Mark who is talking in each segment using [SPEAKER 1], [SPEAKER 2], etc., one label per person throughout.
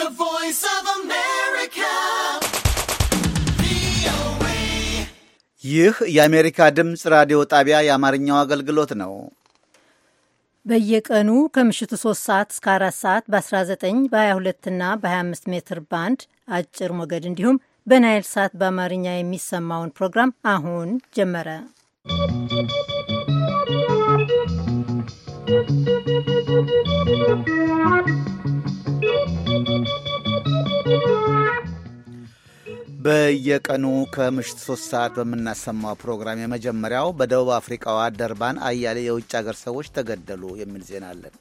[SPEAKER 1] The Voice
[SPEAKER 2] of America.
[SPEAKER 3] ይህ የአሜሪካ ድምፅ ራዲዮ ጣቢያ የአማርኛው አገልግሎት ነው።
[SPEAKER 4] በየቀኑ ከምሽቱ 3 ሰዓት እስከ 4 ሰዓት በ19 በ22 እና በ25 ሜትር ባንድ አጭር ሞገድ እንዲሁም በናይል ሳት በአማርኛ የሚሰማውን ፕሮግራም አሁን ጀመረ። ¶¶
[SPEAKER 3] በየቀኑ ከምሽት ሶስት ሰዓት በምናሰማው ፕሮግራም የመጀመሪያው በደቡብ አፍሪካዋ ደርባን አያሌ የውጭ ሀገር ሰዎች ተገደሉ የሚል ዜና አለን።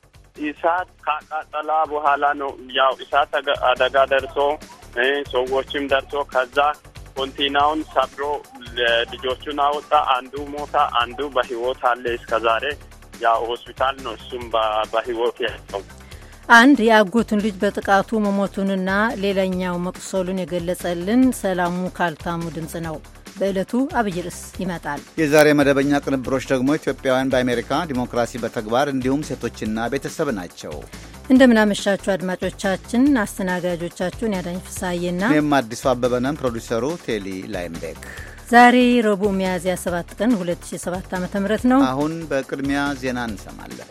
[SPEAKER 5] እሳት ካቃጠላ በኋላ ነው ያው እሳት አደጋ ደርሶ ሰዎችም ደርሶ ከዛ ኮንቲናውን ሰብሮ ልጆቹን አወጣ። አንዱ ሞታ፣ አንዱ በህይወት አለ። እስከዛሬ ያው ሆስፒታል ነው እሱም በህይወት ያለው።
[SPEAKER 4] አንድ የአጎቱን ልጅ በጥቃቱ መሞቱንና ሌላኛው መቁሰሉን የገለጸልን ሰላሙ ካልታሙ ድምፅ ነው። በዕለቱ አብይ ርዕስ ይመጣል።
[SPEAKER 3] የዛሬ መደበኛ ቅንብሮች ደግሞ ኢትዮጵያውያን በአሜሪካ ዲሞክራሲ በተግባር እንዲሁም ሴቶችና ቤተሰብ ናቸው።
[SPEAKER 4] እንደምናመሻችሁ አድማጮቻችን፣ አስተናጋጆቻችሁን ያዳኝ ፍሳዬና እኔም
[SPEAKER 3] አዲሱ አበበነን፣ ፕሮዲሰሩ ቴሊ ላይምቤክ።
[SPEAKER 4] ዛሬ ረቡዕ ሚያዝያ 7 ቀን 2007 ዓ ም ነው። አሁን
[SPEAKER 3] በቅድሚያ ዜና እንሰማለን።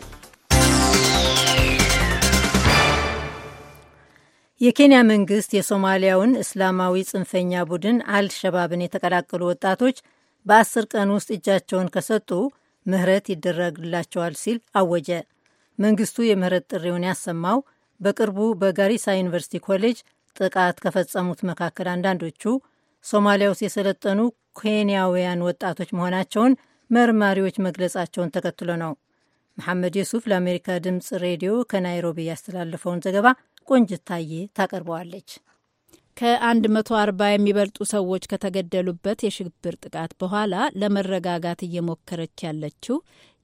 [SPEAKER 4] የኬንያ መንግስት የሶማሊያውን እስላማዊ ጽንፈኛ ቡድን አልሸባብን የተቀላቀሉ ወጣቶች በአስር ቀን ውስጥ እጃቸውን ከሰጡ ምህረት ይደረግላቸዋል ሲል አወጀ። መንግስቱ የምህረት ጥሪውን ያሰማው በቅርቡ በጋሪሳ ዩኒቨርሲቲ ኮሌጅ ጥቃት ከፈጸሙት መካከል አንዳንዶቹ ሶማሊያ ውስጥ የሰለጠኑ ኬንያውያን ወጣቶች መሆናቸውን መርማሪዎች መግለጻቸውን ተከትሎ ነው። መሐመድ የሱፍ ለአሜሪካ ድምፅ ሬዲዮ ከናይሮቢ ያስተላለፈውን ዘገባ ቆንጅታዬ ታቀርበዋለች። ከ140 የሚበልጡ ሰዎች ከተገደሉበት የሽብር ጥቃት
[SPEAKER 6] በኋላ ለመረጋጋት እየሞከረች ያለችው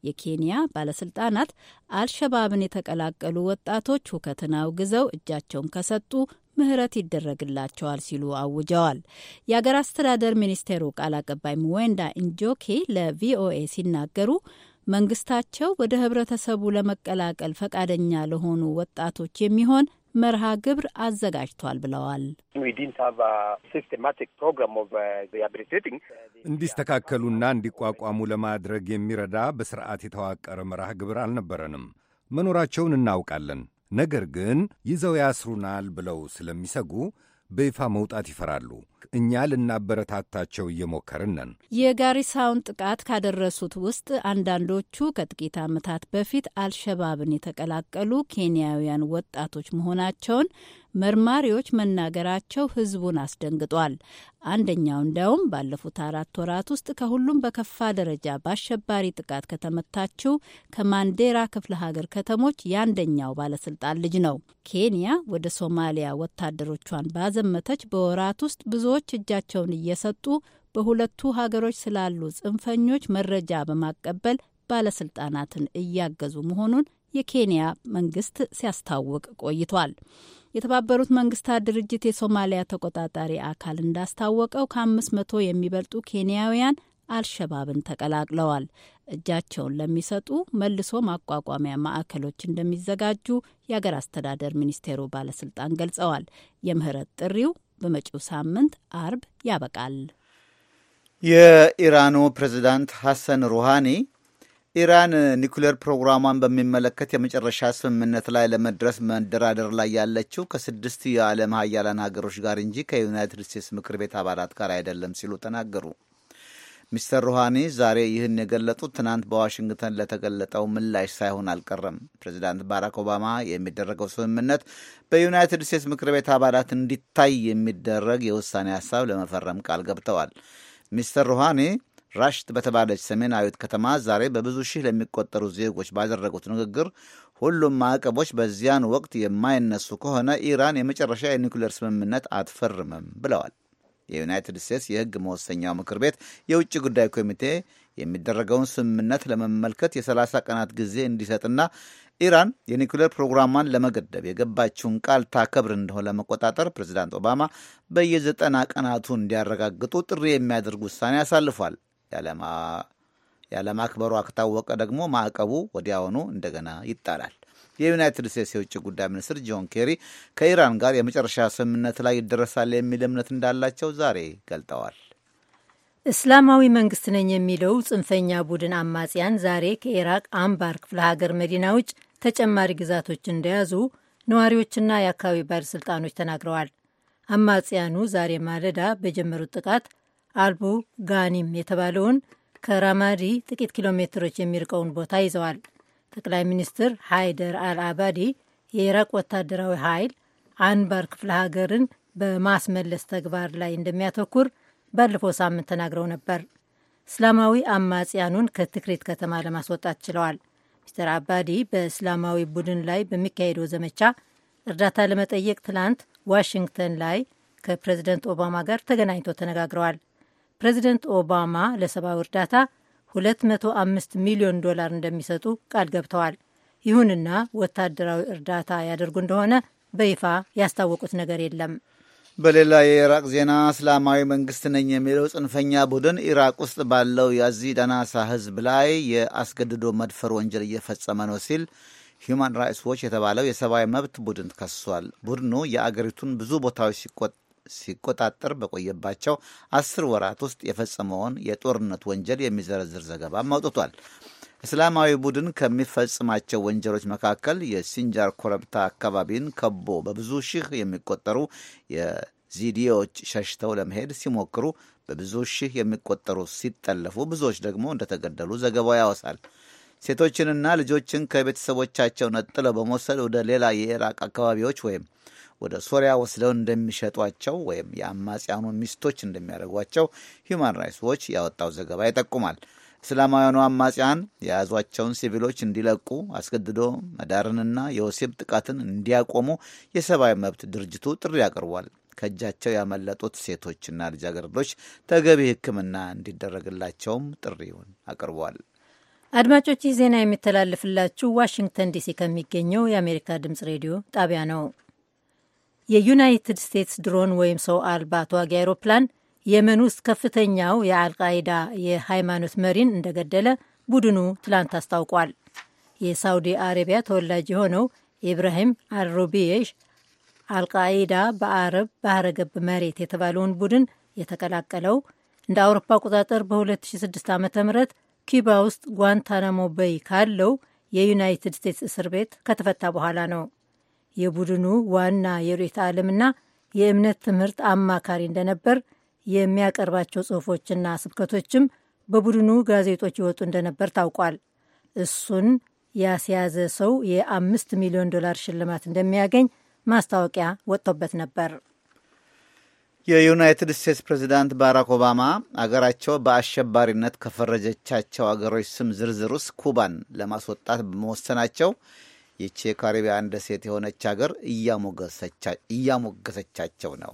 [SPEAKER 6] የኬንያ ባለስልጣናት አልሸባብን የተቀላቀሉ ወጣቶች ሁከትን አውግዘው እጃቸውን ከሰጡ ምህረት ይደረግላቸዋል ሲሉ አውጀዋል። የአገር አስተዳደር ሚኒስቴሩ ቃል አቀባይ ሙዌንዳ ኢንጆኬ ለቪኦኤ ሲናገሩ መንግስታቸው ወደ ህብረተሰቡ ለመቀላቀል ፈቃደኛ ለሆኑ ወጣቶች የሚሆን መርሃ ግብር አዘጋጅቷል
[SPEAKER 7] ብለዋል።
[SPEAKER 8] uh,
[SPEAKER 7] እንዲስተካከሉና እንዲቋቋሙ ለማድረግ የሚረዳ በስርዓት የተዋቀረ መርሃ ግብር አልነበረንም። መኖራቸውን እናውቃለን። ነገር ግን ይዘው ያስሩናል ብለው ስለሚሰጉ በይፋ መውጣት ይፈራሉ። እኛ ልናበረታታቸው እየሞከርን ነን።
[SPEAKER 6] የጋሪሳውን ጥቃት ካደረሱት ውስጥ አንዳንዶቹ ከጥቂት ዓመታት በፊት አልሸባብን የተቀላቀሉ ኬንያውያን ወጣቶች መሆናቸውን መርማሪዎች መናገራቸው ሕዝቡን አስደንግጧል። አንደኛው እንዲያውም ባለፉት አራት ወራት ውስጥ ከሁሉም በከፋ ደረጃ በአሸባሪ ጥቃት ከተመታችው ከማንዴራ ክፍለ ሀገር ከተሞች የአንደኛው ባለስልጣን ልጅ ነው። ኬንያ ወደ ሶማሊያ ወታደሮቿን ባዘመተች በወራት ውስጥ ብዙ ብዙዎች እጃቸውን እየሰጡ በሁለቱ ሀገሮች ስላሉ ጽንፈኞች መረጃ በማቀበል ባለስልጣናትን እያገዙ መሆኑን የኬንያ መንግስት ሲያስታውቅ ቆይቷል። የተባበሩት መንግስታት ድርጅት የሶማሊያ ተቆጣጣሪ አካል እንዳስታወቀው ከአምስት መቶ የሚበልጡ ኬንያውያን አልሸባብን ተቀላቅለዋል። እጃቸውን ለሚሰጡ መልሶ ማቋቋሚያ ማዕከሎች እንደሚዘጋጁ የአገር አስተዳደር ሚኒስቴሩ ባለስልጣን ገልጸዋል። የምህረት ጥሪው በመጪው ሳምንት አርብ ያበቃል።
[SPEAKER 3] የኢራኑ ፕሬዚዳንት ሐሰን ሩሃኒ ኢራን ኒኩሌር ፕሮግራሟን በሚመለከት የመጨረሻ ስምምነት ላይ ለመድረስ መደራደር ላይ ያለችው ከስድስት የዓለም ሀያላን ሀገሮች ጋር እንጂ ከዩናይትድ ስቴትስ ምክር ቤት አባላት ጋር አይደለም ሲሉ ተናገሩ። ሚስተር ሩሃኒ ዛሬ ይህን የገለጡት ትናንት በዋሽንግተን ለተገለጠው ምላሽ ሳይሆን አልቀረም። ፕሬዚዳንት ባራክ ኦባማ የሚደረገው ስምምነት በዩናይትድ ስቴትስ ምክር ቤት አባላት እንዲታይ የሚደረግ የውሳኔ ሀሳብ ለመፈረም ቃል ገብተዋል። ሚስተር ሩሃኒ ራሽት በተባለች ሰሜናዊት ከተማ ዛሬ በብዙ ሺህ ለሚቆጠሩ ዜጎች ባደረጉት ንግግር ሁሉም ማዕቀቦች በዚያን ወቅት የማይነሱ ከሆነ ኢራን የመጨረሻ የኒውክሌር ስምምነት አትፈርምም ብለዋል። የዩናይትድ ስቴትስ የህግ መወሰኛው ምክር ቤት የውጭ ጉዳይ ኮሚቴ የሚደረገውን ስምምነት ለመመልከት የ30 ቀናት ጊዜ እንዲሰጥና ኢራን የኒኩሌር ፕሮግራሟን ለመገደብ የገባችውን ቃል ታከብር እንደሆነ ለመቆጣጠር ፕሬዚዳንት ኦባማ በየዘጠና ቀናቱ እንዲያረጋግጡ ጥሪ የሚያደርግ ውሳኔ አሳልፏል። ያለማክበሯ ከታወቀ ደግሞ ማዕቀቡ ወዲያውኑ እንደገና ይጣላል። የዩናይትድ ስቴትስ የውጭ ጉዳይ ሚኒስትር ጆን ኬሪ ከኢራን ጋር የመጨረሻ ስምምነት ላይ ይደረሳል የሚል እምነት እንዳላቸው ዛሬ ገልጠዋል።
[SPEAKER 4] እስላማዊ መንግስት ነኝ የሚለው ጽንፈኛ ቡድን አማጽያን ዛሬ ከኢራቅ አምባር ክፍለ ሀገር መዲና ውጭ ተጨማሪ ግዛቶች እንደያዙ ነዋሪዎችና የአካባቢ ባለሥልጣኖች ተናግረዋል። አማጽያኑ ዛሬ ማለዳ በጀመሩት ጥቃት አልቡ ጋኒም የተባለውን ከራማዲ ጥቂት ኪሎ ሜትሮች የሚርቀውን ቦታ ይዘዋል። ጠቅላይ ሚኒስትር ሃይደር አልአባዲ የኢራቅ ወታደራዊ ኃይል አንባር ክፍለ ሀገርን በማስመለስ ተግባር ላይ እንደሚያተኩር ባለፈው ሳምንት ተናግረው ነበር። እስላማዊ አማጽያኑን ከትክሪት ከተማ ለማስወጣት ችለዋል። ሚስተር አባዲ በእስላማዊ ቡድን ላይ በሚካሄደው ዘመቻ እርዳታ ለመጠየቅ ትላንት ዋሽንግተን ላይ ከፕሬዝደንት ኦባማ ጋር ተገናኝቶ ተነጋግረዋል። ፕሬዚደንት ኦባማ ለሰብአዊ እርዳታ 205 ሚሊዮን ዶላር እንደሚሰጡ ቃል ገብተዋል። ይሁንና ወታደራዊ እርዳታ ያደርጉ እንደሆነ በይፋ ያስታወቁት ነገር የለም።
[SPEAKER 3] በሌላ የኢራቅ ዜና እስላማዊ መንግስት ነኝ የሚለው ጽንፈኛ ቡድን ኢራቅ ውስጥ ባለው የአዚዳናሳ ህዝብ ላይ የአስገድዶ መድፈር ወንጀል እየፈጸመ ነው ሲል ሂዩማን ራይትስ ዎች የተባለው የሰብአዊ መብት ቡድን ከሷል። ቡድኑ የአገሪቱን ብዙ ቦታዎች ሲቆጠ ሲቆጣጠር በቆየባቸው አስር ወራት ውስጥ የፈጸመውን የጦርነት ወንጀል የሚዘረዝር ዘገባ አውጥቷል። እስላማዊ ቡድን ከሚፈጽማቸው ወንጀሎች መካከል የሲንጃር ኮረብታ አካባቢን ከቦ በብዙ ሺህ የሚቆጠሩ የዚዲዎች ሸሽተው ለመሄድ ሲሞክሩ በብዙ ሺህ የሚቆጠሩ ሲጠለፉ፣ ብዙዎች ደግሞ እንደተገደሉ ዘገባው ያወሳል። ሴቶችንና ልጆችን ከቤተሰቦቻቸው ነጥለው በመውሰድ ወደ ሌላ የኢራቅ አካባቢዎች ወይም ወደ ሶሪያ ወስደው እንደሚሸጧቸው ወይም የአማጽያኑ ሚስቶች እንደሚያደርጓቸው ሂውማን ራይትስ ዎች ያወጣው ዘገባ ይጠቁማል። እስላማውያኑ አማጽያን የያዟቸውን ሲቪሎች እንዲለቁ አስገድዶ መዳርንና የወሲብ ጥቃትን እንዲያቆሙ የሰብአዊ መብት ድርጅቱ ጥሪ አቅርቧል። ከእጃቸው ያመለጡት ሴቶችና ልጃገረዶች ተገቢ ሕክምና እንዲደረግላቸውም ጥሪውን አቅርቧል።
[SPEAKER 4] አድማጮች ይህ ዜና የሚተላለፍላችሁ ዋሽንግተን ዲሲ ከሚገኘው የአሜሪካ ድምጽ ሬዲዮ ጣቢያ ነው። የዩናይትድ ስቴትስ ድሮን ወይም ሰው አልባ ተዋጊ አይሮፕላን የመን ውስጥ ከፍተኛው የአልቃይዳ የሃይማኖት መሪን እንደገደለ ቡድኑ ትላንት አስታውቋል። የሳውዲ አረቢያ ተወላጅ የሆነው ኢብራሂም አልሮቢዬሽ አልቃይዳ በአረብ ባህረ ገብ መሬት የተባለውን ቡድን የተቀላቀለው እንደ አውሮፓ አቆጣጠር በ2006 ዓ ም ኪባ ውስጥ ጓንታናሞ በይ ካለው የዩናይትድ ስቴትስ እስር ቤት ከተፈታ በኋላ ነው። የቡድኑ ዋና የርዕዮተ ዓለምና የእምነት ትምህርት አማካሪ እንደነበር፣ የሚያቀርባቸው ጽሑፎችና ስብከቶችም በቡድኑ ጋዜጦች ይወጡ እንደነበር ታውቋል። እሱን ያስያዘ ሰው የአምስት ሚሊዮን ዶላር ሽልማት እንደሚያገኝ ማስታወቂያ ወጥቶበት ነበር።
[SPEAKER 3] የዩናይትድ ስቴትስ ፕሬዚዳንት ባራክ ኦባማ አገራቸው በአሸባሪነት ከፈረጀቻቸው አገሮች ስም ዝርዝር ውስጥ ኩባን ለማስወጣት በመወሰናቸው ይቺ የካሪቢያን ደሴት የሆነች ሀገር እያሞገሰቻቸው ነው።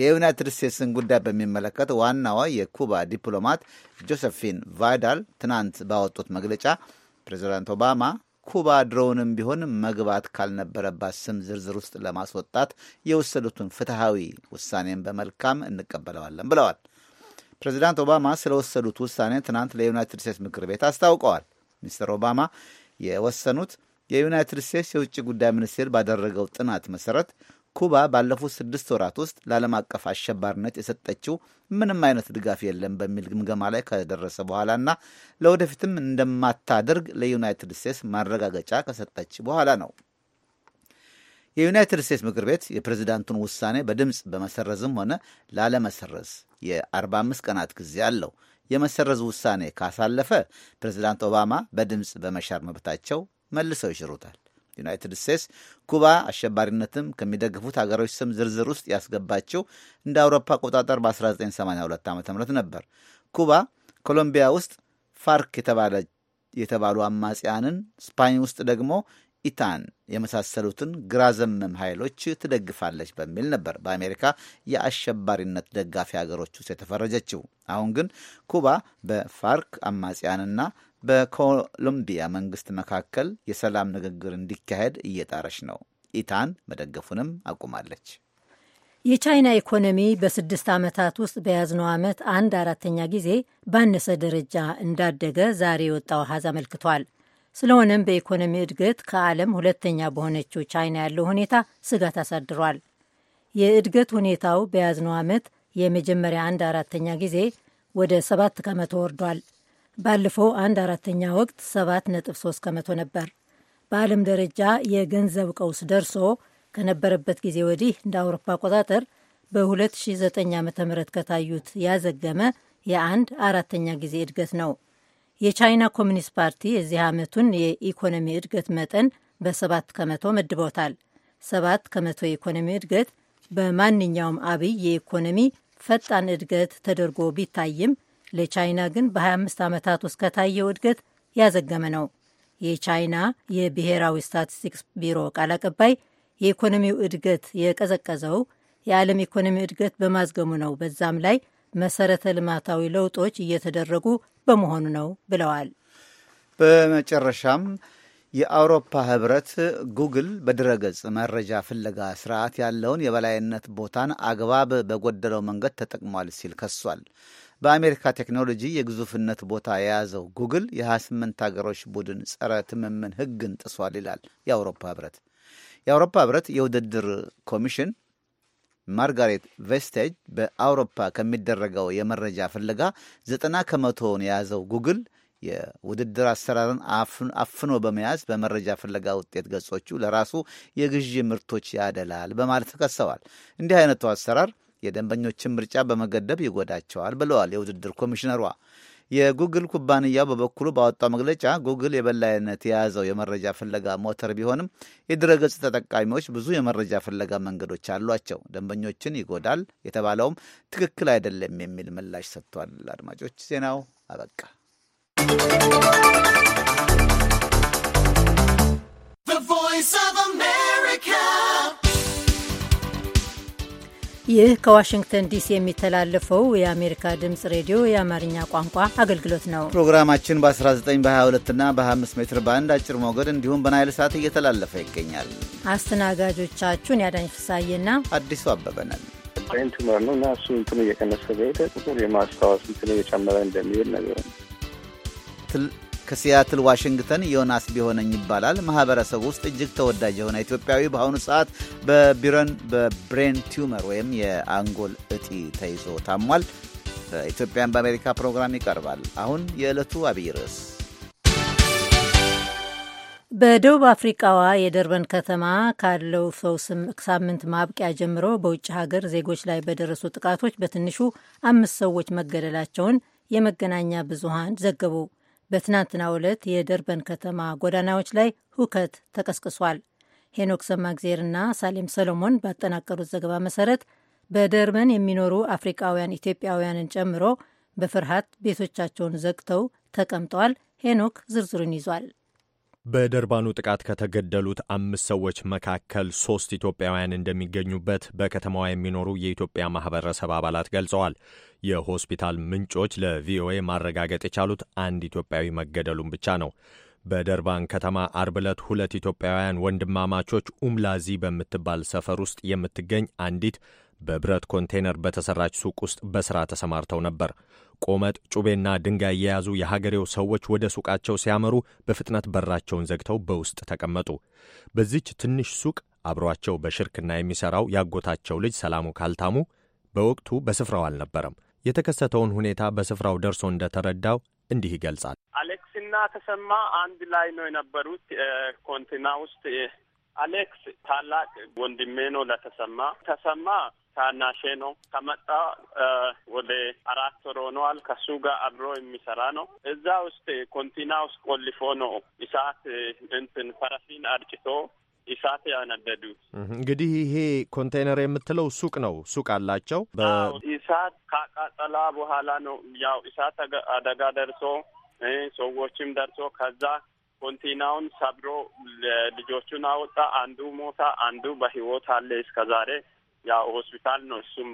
[SPEAKER 3] የዩናይትድ ስቴትስን ጉዳይ በሚመለከት ዋናዋ የኩባ ዲፕሎማት ጆሴፊን ቫይዳል ትናንት ባወጡት መግለጫ ፕሬዚዳንት ኦባማ ኩባ ድሮውንም ቢሆን መግባት ካልነበረባት ስም ዝርዝር ውስጥ ለማስወጣት የወሰዱትን ፍትሐዊ ውሳኔን በመልካም እንቀበለዋለን ብለዋል። ፕሬዚዳንት ኦባማ ስለወሰዱት ውሳኔ ትናንት ለዩናይትድ ስቴትስ ምክር ቤት አስታውቀዋል። ሚስተር ኦባማ የወሰኑት የዩናይትድ ስቴትስ የውጭ ጉዳይ ሚኒስቴር ባደረገው ጥናት መሠረት ኩባ ባለፉት ስድስት ወራት ውስጥ ለዓለም አቀፍ አሸባሪነት የሰጠችው ምንም አይነት ድጋፍ የለም በሚል ግምገማ ላይ ከደረሰ በኋላና ለወደፊትም እንደማታደርግ ለዩናይትድ ስቴትስ ማረጋገጫ ከሰጠች በኋላ ነው። የዩናይትድ ስቴትስ ምክር ቤት የፕሬዚዳንቱን ውሳኔ በድምፅ በመሰረዝም ሆነ ላለመሰረዝ የ45 ቀናት ጊዜ አለው። የመሰረዝ ውሳኔ ካሳለፈ ፕሬዚዳንት ኦባማ በድምፅ በመሻር መብታቸው መልሰው ይሽሩታል። ዩናይትድ ስቴትስ ኩባ አሸባሪነትም ከሚደግፉት ሀገሮች ስም ዝርዝር ውስጥ ያስገባቸው እንደ አውሮፓ አቆጣጠር በ1982 ዓ ም ነበር። ኩባ ኮሎምቢያ ውስጥ ፋርክ የተባሉ አማጽያንን፣ ስፓኝ ውስጥ ደግሞ ኢታን የመሳሰሉትን ግራ ዘመም ኃይሎች ትደግፋለች በሚል ነበር በአሜሪካ የአሸባሪነት ደጋፊ ሀገሮች ውስጥ የተፈረጀችው። አሁን ግን ኩባ በፋርክ አማጽያንና በኮሎምቢያ መንግስት መካከል የሰላም ንግግር እንዲካሄድ እየጣረች ነው። ኢታን መደገፉንም አቁማለች።
[SPEAKER 4] የቻይና ኢኮኖሚ በስድስት ዓመታት ውስጥ በያዝነው ዓመት አንድ አራተኛ ጊዜ ባነሰ ደረጃ እንዳደገ ዛሬ የወጣው አሃዝ አመልክቷል። ስለሆነም በኢኮኖሚ እድገት ከዓለም ሁለተኛ በሆነችው ቻይና ያለው ሁኔታ ስጋት አሳድሯል። የእድገት ሁኔታው በያዝነው ዓመት የመጀመሪያ አንድ አራተኛ ጊዜ ወደ ሰባት ከመቶ ወርዷል። ባለፈው አንድ አራተኛ ወቅት 7.3 ከመቶ ነበር። በዓለም ደረጃ የገንዘብ ቀውስ ደርሶ ከነበረበት ጊዜ ወዲህ እንደ አውሮፓ አቆጣጠር በ2009 ዓ ም ከታዩት ያዘገመ የአንድ አራተኛ ጊዜ እድገት ነው። የቻይና ኮሚኒስት ፓርቲ የዚህ ዓመቱን የኢኮኖሚ እድገት መጠን በሰባት ከመቶ መድቦታል። ሰባት ከመቶ የኢኮኖሚ እድገት በማንኛውም አብይ የኢኮኖሚ ፈጣን እድገት ተደርጎ ቢታይም ለቻይና ግን በ25 ዓመታት ውስጥ ከታየው እድገት ያዘገመ ነው። የቻይና የብሔራዊ ስታቲስቲክስ ቢሮ ቃል አቀባይ የኢኮኖሚው እድገት የቀዘቀዘው የዓለም ኢኮኖሚ እድገት በማዝገሙ ነው፣ በዛም ላይ መሰረተ ልማታዊ ለውጦች እየተደረጉ በመሆኑ ነው ብለዋል።
[SPEAKER 3] በመጨረሻም የአውሮፓ ህብረት ጉግል በድረገጽ መረጃ ፍለጋ ስርዓት ያለውን የበላይነት ቦታን አግባብ በጎደለው መንገድ ተጠቅሟል ሲል ከሷል። በአሜሪካ ቴክኖሎጂ የግዙፍነት ቦታ የያዘው ጉግል የ28 ሀገሮች ቡድን ጸረ ትምምን ህግን ጥሷል ይላል የአውሮፓ ህብረት። የአውሮፓ ህብረት የውድድር ኮሚሽን ማርጋሬት ቬስቴጅ በአውሮፓ ከሚደረገው የመረጃ ፍለጋ ዘጠና ከመቶውን የያዘው ጉግል የውድድር አሰራርን አፍኖ በመያዝ በመረጃ ፍለጋ ውጤት ገጾቹ ለራሱ የግዢ ምርቶች ያደላል በማለት ተከሰዋል። እንዲህ አይነቱ አሰራር የደንበኞችን ምርጫ በመገደብ ይጎዳቸዋል ብለዋል የውድድር ኮሚሽነሯ። የጉግል ኩባንያው በበኩሉ ባወጣው መግለጫ ጉግል የበላይነት የያዘው የመረጃ ፍለጋ ሞተር ቢሆንም የድረገጽ ተጠቃሚዎች ብዙ የመረጃ ፍለጋ መንገዶች አሏቸው፣ ደንበኞችን ይጎዳል የተባለውም ትክክል አይደለም የሚል ምላሽ ሰጥቷል። አድማጮች ዜናው አበቃ።
[SPEAKER 4] ይህ ከዋሽንግተን ዲሲ የሚተላለፈው የአሜሪካ ድምፅ ሬዲዮ የአማርኛ ቋንቋ አገልግሎት ነው።
[SPEAKER 3] ፕሮግራማችን በ19 በ22ና በ25 ሜትር ባንድ አጭር ሞገድ እንዲሁም በናይል ሰዓት እየተላለፈ ይገኛል።
[SPEAKER 4] አስተናጋጆቻችሁን ያዳኝ ፍሳዬና አዲሱ አበበናል
[SPEAKER 3] ብሬን ቱመር ነው እና እሱ እንትን እየቀነሰ በሄደ ቁጥር የማስታወስ እንትን እየጨመረ እንደሚሄድ ነገር ነው ከሲያትል ዋሽንግተን ዮናስ ቢሆነኝ ይባላል። ማህበረሰቡ ውስጥ እጅግ ተወዳጅ የሆነ ኢትዮጵያዊ በአሁኑ ሰዓት በቢረን በብሬን ቲመር ወይም የአንጎል እጢ ተይዞ ታሟል። በኢትዮጵያን በአሜሪካ ፕሮግራም ይቀርባል። አሁን የዕለቱ አብይ ርዕስ
[SPEAKER 4] በደቡብ አፍሪቃዋ የደርበን ከተማ ካለው ሰው ሳምንት ማብቂያ ጀምሮ በውጭ ሀገር ዜጎች ላይ በደረሱ ጥቃቶች በትንሹ አምስት ሰዎች መገደላቸውን የመገናኛ ብዙሃን ዘገቡ። በትናንትናው ዕለት የደርበን ከተማ ጎዳናዎች ላይ ሁከት ተቀስቅሷል። ሄኖክ ሰማግዜርና ሳሌም ሰሎሞን ባጠናቀሩት ዘገባ መሰረት በደርበን የሚኖሩ አፍሪቃውያን ኢትዮጵያውያንን ጨምሮ በፍርሃት ቤቶቻቸውን ዘግተው ተቀምጠዋል። ሄኖክ ዝርዝሩን ይዟል።
[SPEAKER 9] በደርባኑ ጥቃት ከተገደሉት አምስት ሰዎች መካከል ሶስት ኢትዮጵያውያን እንደሚገኙበት በከተማዋ የሚኖሩ የኢትዮጵያ ማህበረሰብ አባላት ገልጸዋል። የሆስፒታል ምንጮች ለቪኦኤ ማረጋገጥ የቻሉት አንድ ኢትዮጵያዊ መገደሉን ብቻ ነው። በደርባን ከተማ አርብ ዕለት ሁለት ኢትዮጵያውያን ወንድማማቾች ኡምላዚ በምትባል ሰፈር ውስጥ የምትገኝ አንዲት በብረት ኮንቴነር በተሰራች ሱቅ ውስጥ በሥራ ተሰማርተው ነበር። ቆመጥ፣ ጩቤና ድንጋይ የያዙ የሀገሬው ሰዎች ወደ ሱቃቸው ሲያመሩ በፍጥነት በራቸውን ዘግተው በውስጥ ተቀመጡ። በዚች ትንሽ ሱቅ አብሯቸው በሽርክና የሚሠራው ያጎታቸው ልጅ ሰላሙ ካልታሙ በወቅቱ በስፍራው አልነበረም። የተከሰተውን ሁኔታ በስፍራው ደርሶ እንደተረዳው እንዲህ ይገልጻል።
[SPEAKER 5] አሌክስና ተሰማ አንድ ላይ ነው የነበሩት ኮንቴና ውስጥ። አሌክስ ታላቅ ወንድሜ ነው ለተሰማ። ተሰማ ታናሼ ነው። ከመጣ ወደ አራት ወር ሆነዋል። ከሱ ጋር አብሮ የሚሰራ ነው። እዛ ውስጥ ኮንቲና ውስጥ ቆልፎ ነው እሳት እንትን ፈረፊን አርጭቶ እሳት ያነደዱ።
[SPEAKER 9] እንግዲህ ይሄ ኮንቴይነር የምትለው ሱቅ ነው። ሱቅ አላቸው።
[SPEAKER 5] እሳት ካቃጠላ በኋላ ነው ያው እሳት አደጋ ደርሶ ሰዎችም ደርሶ ከዛ ኮንቲናውን ሰብሮ ልጆቹን አወጣ። አንዱ ሞታ፣ አንዱ በህይወት አለ እስከ ዛሬ ያው ሆስፒታል ነው። እሱም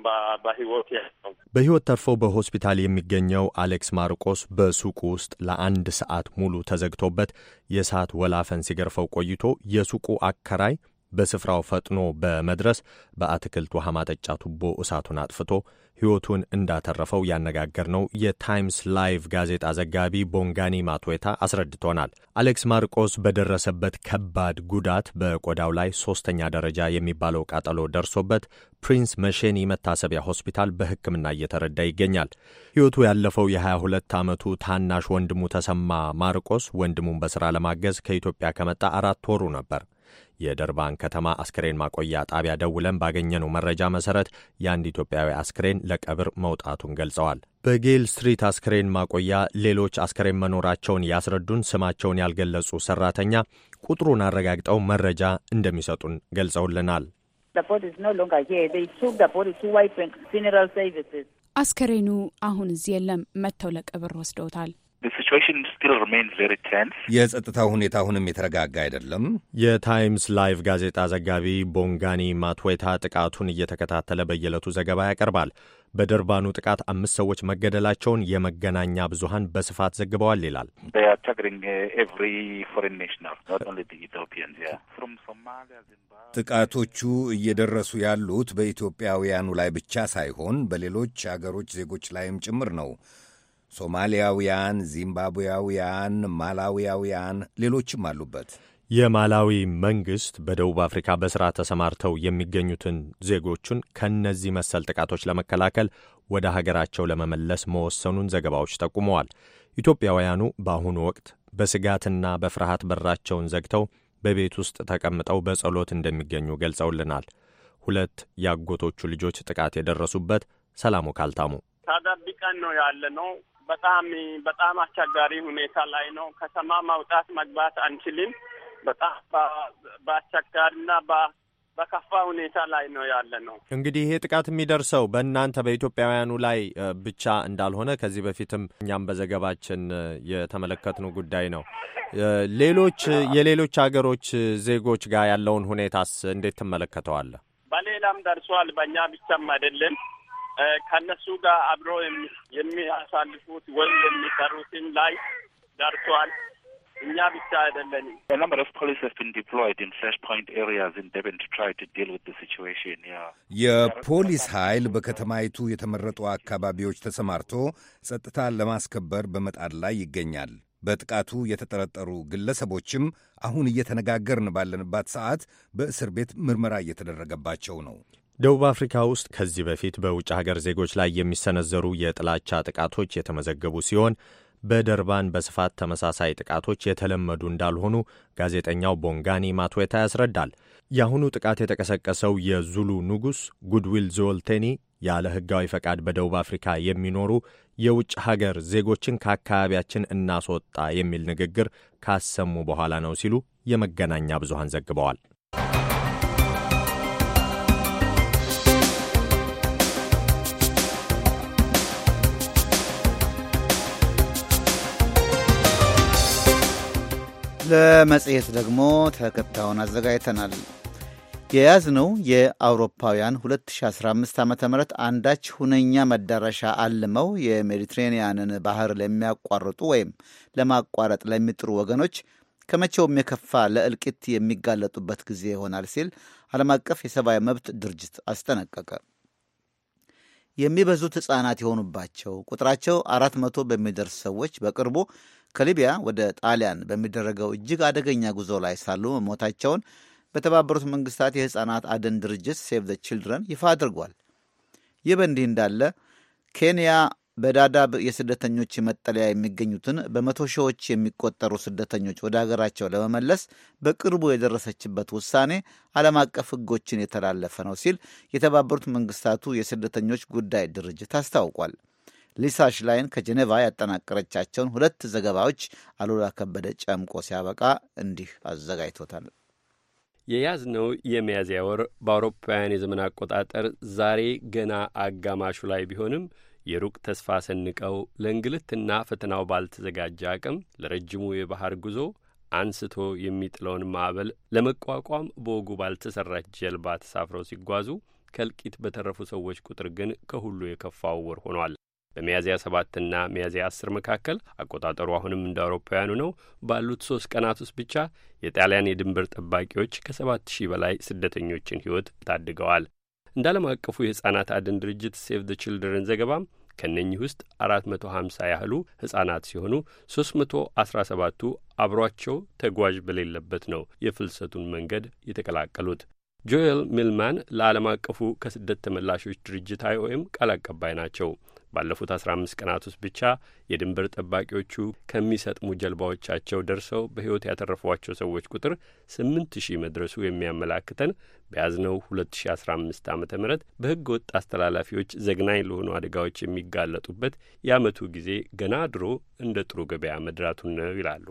[SPEAKER 5] በህይወት ያለው
[SPEAKER 9] በህይወት ተርፎ በሆስፒታል የሚገኘው አሌክስ ማርቆስ በሱቁ ውስጥ ለአንድ ሰዓት ሙሉ ተዘግቶበት የእሳት ወላፈን ሲገርፈው ቆይቶ የሱቁ አከራይ በስፍራው ፈጥኖ በመድረስ በአትክልት ውሃ ማጠጫ ቱቦ እሳቱን አጥፍቶ ሕይወቱን እንዳተረፈው ያነጋገርነው የታይምስ ላይቭ ጋዜጣ ዘጋቢ ቦንጋኒ ማትዌታ አስረድቶናል። አሌክስ ማርቆስ በደረሰበት ከባድ ጉዳት በቆዳው ላይ ሦስተኛ ደረጃ የሚባለው ቃጠሎ ደርሶበት ፕሪንስ መሼኒ መታሰቢያ ሆስፒታል በሕክምና እየተረዳ ይገኛል። ሕይወቱ ያለፈው የ22 ዓመቱ ታናሽ ወንድሙ ተሰማ ማርቆስ ወንድሙን በሥራ ለማገዝ ከኢትዮጵያ ከመጣ አራት ወሩ ነበር። የደርባን ከተማ አስክሬን ማቆያ ጣቢያ ደውለን ባገኘነው መረጃ መሰረት የአንድ ኢትዮጵያዊ አስክሬን ለቀብር መውጣቱን ገልጸዋል። በጌል ስትሪት አስክሬን ማቆያ ሌሎች አስክሬን መኖራቸውን ያስረዱን ስማቸውን ያልገለጹ ሰራተኛ ቁጥሩን አረጋግጠው መረጃ እንደሚሰጡን ገልጸውልናል።
[SPEAKER 1] አስከሬኑ አሁን እዚህ የለም፣ መጥተው ለቀብር
[SPEAKER 2] ወስደውታል።
[SPEAKER 9] የጸጥታው ሁኔታ አሁንም የተረጋጋ አይደለም። የታይምስ ላይቭ ጋዜጣ ዘጋቢ ቦንጋኒ ማትዌታ ጥቃቱን እየተከታተለ በየዕለቱ ዘገባ ያቀርባል። በደርባኑ ጥቃት አምስት ሰዎች መገደላቸውን የመገናኛ ብዙሃን በስፋት ዘግበዋል ይላል። uh, ጥቃቶቹ እየደረሱ ያሉት በኢትዮጵያውያኑ
[SPEAKER 7] ላይ ብቻ ሳይሆን በሌሎች አገሮች ዜጎች ላይም ጭምር ነው። ሶማሊያውያን፣ ዚምባብዌያውያን፣ ማላዊያውያን ሌሎችም አሉበት።
[SPEAKER 9] የማላዊ መንግስት በደቡብ አፍሪካ በሥራ ተሰማርተው የሚገኙትን ዜጎቹን ከእነዚህ መሰል ጥቃቶች ለመከላከል ወደ ሀገራቸው ለመመለስ መወሰኑን ዘገባዎች ጠቁመዋል። ኢትዮጵያውያኑ በአሁኑ ወቅት በስጋትና በፍርሃት በራቸውን ዘግተው በቤት ውስጥ ተቀምጠው በጸሎት እንደሚገኙ ገልጸውልናል። ሁለት የአጎቶቹ ልጆች ጥቃት የደረሱበት ሰላሙ ካልታሙ
[SPEAKER 5] ተደብቀን ነው ያለ ነው። በጣም በጣም አስቸጋሪ ሁኔታ ላይ ነው። ከሰማ ማውጣት መግባት አንችልም። በጣም በአስቸጋሪና በከፋ ሁኔታ ላይ ነው ያለ ነው።
[SPEAKER 9] እንግዲህ ይሄ ጥቃት የሚደርሰው በእናንተ በኢትዮጵያውያኑ ላይ ብቻ እንዳልሆነ ከዚህ በፊትም እኛም በዘገባችን የተመለከትነው ጉዳይ ነው። ሌሎች የሌሎች ሀገሮች ዜጎች ጋር ያለውን ሁኔታስ እንዴት ትመለከተዋለህ?
[SPEAKER 5] በሌላም ደርሷል። በእኛ ብቻም አይደለም ከነሱ ጋር አብሮ የሚያሳልፉት ወይም
[SPEAKER 8] የሚሰሩትን ላይ ደርሷል። እኛ
[SPEAKER 5] ብቻ አይደለንም።
[SPEAKER 2] የፖሊስ
[SPEAKER 7] ኃይል በከተማይቱ የተመረጡ አካባቢዎች ተሰማርቶ ጸጥታ ለማስከበር በመጣር ላይ ይገኛል። በጥቃቱ የተጠረጠሩ ግለሰቦችም አሁን እየተነጋገርን ባለንባት ሰዓት በእስር ቤት ምርመራ እየተደረገባቸው ነው።
[SPEAKER 9] ደቡብ አፍሪካ ውስጥ ከዚህ በፊት በውጭ ሀገር ዜጎች ላይ የሚሰነዘሩ የጥላቻ ጥቃቶች የተመዘገቡ ሲሆን በደርባን በስፋት ተመሳሳይ ጥቃቶች የተለመዱ እንዳልሆኑ ጋዜጠኛው ቦንጋኒ ማትዌታ ያስረዳል። የአሁኑ ጥቃት የተቀሰቀሰው የዙሉ ንጉሥ ጉድዊል ዞልቴኒ ያለ ሕጋዊ ፈቃድ በደቡብ አፍሪካ የሚኖሩ የውጭ ሀገር ዜጎችን ከአካባቢያችን እናስወጣ የሚል ንግግር ካሰሙ በኋላ ነው ሲሉ የመገናኛ ብዙሃን ዘግበዋል።
[SPEAKER 3] ለመጽሔት ደግሞ ተከታዩን አዘጋጅተናል። የያዝነው የአውሮፓውያን 2015 ዓ ም አንዳች ሁነኛ መዳረሻ አልመው የሜዲትሬንያንን ባህር ለሚያቋርጡ ወይም ለማቋረጥ ለሚጥሩ ወገኖች ከመቼውም የከፋ ለእልቂት የሚጋለጡበት ጊዜ ይሆናል ሲል ዓለም አቀፍ የሰብአዊ መብት ድርጅት አስጠነቀቀ። የሚበዙት ሕፃናት የሆኑባቸው ቁጥራቸው አራት መቶ በሚደርስ ሰዎች በቅርቡ ከሊቢያ ወደ ጣሊያን በሚደረገው እጅግ አደገኛ ጉዞ ላይ ሳሉ መሞታቸውን በተባበሩት መንግስታት የሕፃናት አደን ድርጅት ሴቭ ዘ ችልድረን ይፋ አድርጓል። ይህ በእንዲህ እንዳለ ኬንያ በዳዳብ የስደተኞች መጠለያ የሚገኙትን በመቶ ሺዎች የሚቆጠሩ ስደተኞች ወደ ሀገራቸው ለመመለስ በቅርቡ የደረሰችበት ውሳኔ ዓለም አቀፍ ሕጎችን የተላለፈ ነው ሲል የተባበሩት መንግስታቱ የስደተኞች ጉዳይ ድርጅት አስታውቋል። ሊሳ ሽላይን ከጀኔቫ ያጠናቀረቻቸውን ሁለት ዘገባዎች አሉላ ከበደ ጨምቆ ሲያበቃ እንዲህ አዘጋጅቶታል።
[SPEAKER 10] የያዝነው የሚያዝያ ወር በአውሮፓውያን የዘመን አቆጣጠር ዛሬ ገና አጋማሹ ላይ ቢሆንም የሩቅ ተስፋ ሰንቀው ለእንግልትና ፈተናው ባልተዘጋጀ አቅም ለረጅሙ የባህር ጉዞ አንስቶ የሚጥለውን ማዕበል ለመቋቋም በወጉ ባልተሰራች ጀልባ ተሳፍረው ሲጓዙ ከእልቂት በተረፉ ሰዎች ቁጥር ግን ከሁሉ የከፋው ወር ሆኗል። በሚያዝያ ሰባትና ሚያዝያ አስር መካከል አቆጣጠሩ አሁንም እንደ አውሮፓውያኑ ነው። ባሉት ሶስት ቀናት ውስጥ ብቻ የጣሊያን የድንበር ጠባቂዎች ከሰባት ሺህ በላይ ስደተኞችን ሕይወት ታድገዋል። እንደ ዓለም አቀፉ የሕፃናት አድን ድርጅት ሴቭ ዘ ችልድረን ዘገባም ከእነኚህ ውስጥ አራት መቶ ሀምሳ ያህሉ ሕፃናት ሲሆኑ ሶስት መቶ አስራ ሰባቱ አብሯቸው ተጓዥ በሌለበት ነው የፍልሰቱን መንገድ የተቀላቀሉት። ጆኤል ሚልማን ለዓለም አቀፉ ከስደት ተመላሾች ድርጅት አይኦኤም ቃል አቀባይ ናቸው። ባለፉት 15 ቀናት ውስጥ ብቻ የድንበር ጠባቂዎቹ ከሚሰጥሙ ጀልባዎቻቸው ደርሰው በሕይወት ያተረፏቸው ሰዎች ቁጥር ሺህ መድረሱ የሚያመላክተን በያዝነው 2015 ዓ ም በሕገ ወጥ አስተላላፊዎች ዘግናኝ ለሆኑ አደጋዎች የሚጋለጡበት የአመቱ ጊዜ ገና ድሮ እንደ ጥሩ ገበያ መድራቱን ነው ይላሉ።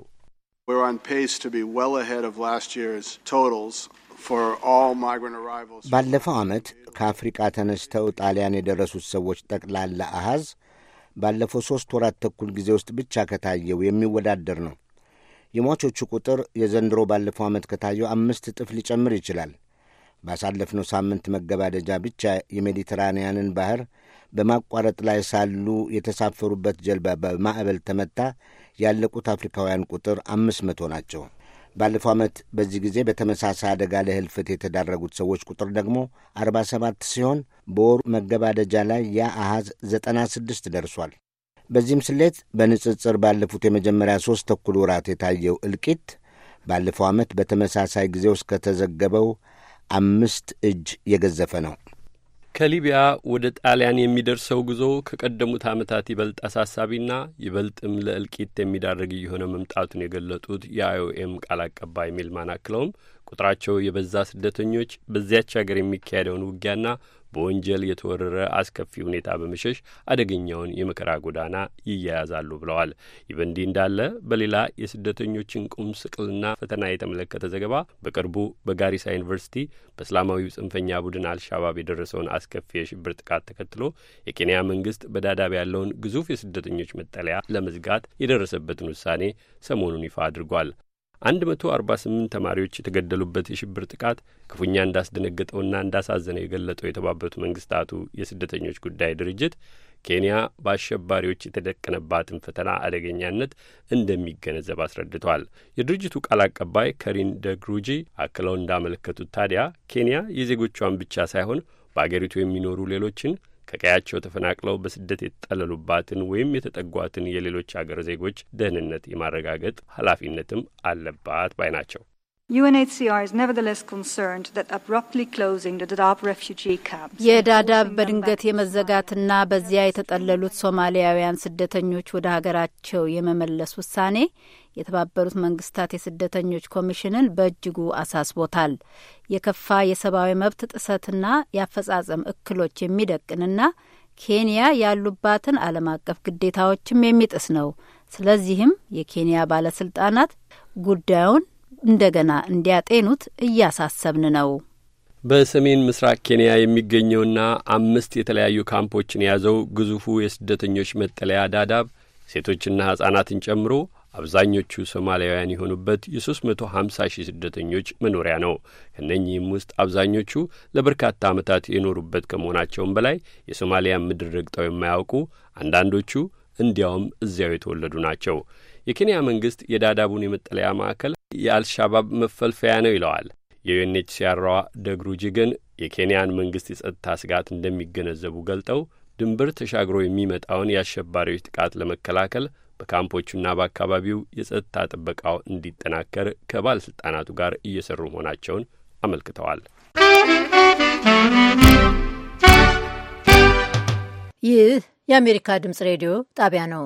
[SPEAKER 11] We're on pace to be well ahead of last year's totals for all migrant arrivals. ባለፈው ዓመት ከአፍሪቃ ተነስተው ጣሊያን የደረሱት ሰዎች ጠቅላላ አሃዝ ባለፈው ሦስት ወራት ተኩል ጊዜ ውስጥ ብቻ ከታየው የሚወዳደር ነው። የሟቾቹ ቁጥር የዘንድሮ ባለፈው ዓመት ከታየው አምስት እጥፍ ሊጨምር ይችላል። ባሳለፍነው ሳምንት መገባደጃ ብቻ የሜዲትራንያንን ባህር በማቋረጥ ላይ ሳሉ የተሳፈሩበት ጀልባ በማዕበል ተመታ። ያለቁት አፍሪካውያን ቁጥር አምስት መቶ ናቸው። ባለፈው ዓመት በዚህ ጊዜ በተመሳሳይ አደጋ ለህልፈት የተዳረጉት ሰዎች ቁጥር ደግሞ 47 ሲሆን በወሩ መገባደጃ ላይ ያ አሃዝ 96 ደርሷል። በዚህም ስሌት በንጽጽር ባለፉት የመጀመሪያ ሦስት ተኩል ወራት የታየው እልቂት ባለፈው ዓመት በተመሳሳይ ጊዜ ውስጥ ከተዘገበው አምስት እጅ የገዘፈ ነው።
[SPEAKER 10] ከሊቢያ ወደ ጣሊያን የሚደርሰው ጉዞ ከቀደሙት ዓመታት ይበልጥ አሳሳቢና ይበልጥም ለእልቂት የሚዳርግ እየሆነ መምጣቱን የገለጡት የአይኦኤም ቃል አቀባይ ሚልማን አክለውም ቁጥራቸው የበዛ ስደተኞች በዚያች ሀገር የሚካሄደውን ውጊያና በወንጀል የተወረረ አስከፊ ሁኔታ በመሸሽ አደገኛውን የመከራ ጎዳና ይያያዛሉ ብለዋል። ይህ በእንዲህ እንዳለ በሌላ የስደተኞችን ቁም ስቅልና ፈተና የተመለከተ ዘገባ በቅርቡ በጋሪሳ ዩኒቨርሲቲ በእስላማዊው ጽንፈኛ ቡድን አልሻባብ የደረሰውን አስከፊ የሽብር ጥቃት ተከትሎ የኬንያ መንግስት በዳዳብ ያለውን ግዙፍ የስደተኞች መጠለያ ለመዝጋት የደረሰበትን ውሳኔ ሰሞኑን ይፋ አድርጓል። 148 ተማሪዎች የተገደሉበት የሽብር ጥቃት ክፉኛ እንዳስደነገጠውና እንዳሳዘነው የገለጠው የተባበሩት መንግስታቱ የስደተኞች ጉዳይ ድርጅት ኬንያ በአሸባሪዎች የተደቀነባትን ፈተና አደገኛነት እንደሚገነዘብ አስረድቷል። የድርጅቱ ቃል አቀባይ ከሪን ደግሩጂ አክለው እንዳመለከቱት ታዲያ ኬንያ የዜጎቿን ብቻ ሳይሆን በአገሪቱ የሚኖሩ ሌሎችን ከቀያቸው ተፈናቅለው በስደት የተጠለሉባትን ወይም የተጠጓትን የሌሎች አገር ዜጎች ደህንነት የማረጋገጥ ኃላፊነትም አለባት ባይ ናቸው።
[SPEAKER 6] UNHCR is nevertheless concerned that abruptly closing the Dadaab refugee camps የዳዳብ በድንገት የመዘጋትና በዚያ የተጠለሉት ሶማሊያውያን ስደተኞች ወደ ሀገራቸው የመመለስ ውሳኔ የተባበሩት መንግስታት የስደተኞች ኮሚሽንን በእጅጉ አሳስቦታል። የከፋ የሰብአዊ መብት ጥሰትና የአፈጻጸም እክሎች የሚደቅንና ኬንያ ያሉባትን ዓለም አቀፍ ግዴታዎችም የሚጥስ ነው። ስለዚህም የኬንያ ባለስልጣናት ጉዳዩን እንደገና እንዲያጤኑት እያሳሰብን ነው።
[SPEAKER 10] በሰሜን ምስራቅ ኬንያ የሚገኘውና አምስት የተለያዩ ካምፖችን የያዘው ግዙፉ የስደተኞች መጠለያ ዳዳብ ሴቶችና ሕጻናትን ጨምሮ አብዛኞቹ ሶማሊያውያን የሆኑበት የ350 ሺህ ስደተኞች መኖሪያ ነው። ከእነኚህም ውስጥ አብዛኞቹ ለበርካታ ዓመታት የኖሩበት ከመሆናቸውም በላይ የሶማሊያን ምድር ረግጠው የማያውቁ አንዳንዶቹ እንዲያውም እዚያው የተወለዱ ናቸው። የኬንያ መንግስት የዳዳቡን የመጠለያ ማዕከል የአልሻባብ መፈልፈያ ነው ይለዋል። የዩኤንኤችሲአሯ ደግሩጂ ግን የኬንያን መንግስት የጸጥታ ስጋት እንደሚገነዘቡ ገልጠው ድንበር ተሻግሮ የሚመጣውን የአሸባሪዎች ጥቃት ለመከላከል በካምፖቹና በአካባቢው የጸጥታ ጥበቃው እንዲጠናከር ከባለሥልጣናቱ ጋር እየሰሩ መሆናቸውን አመልክተዋል።
[SPEAKER 4] ይህ የአሜሪካ ድምፅ ሬዲዮ ጣቢያ ነው።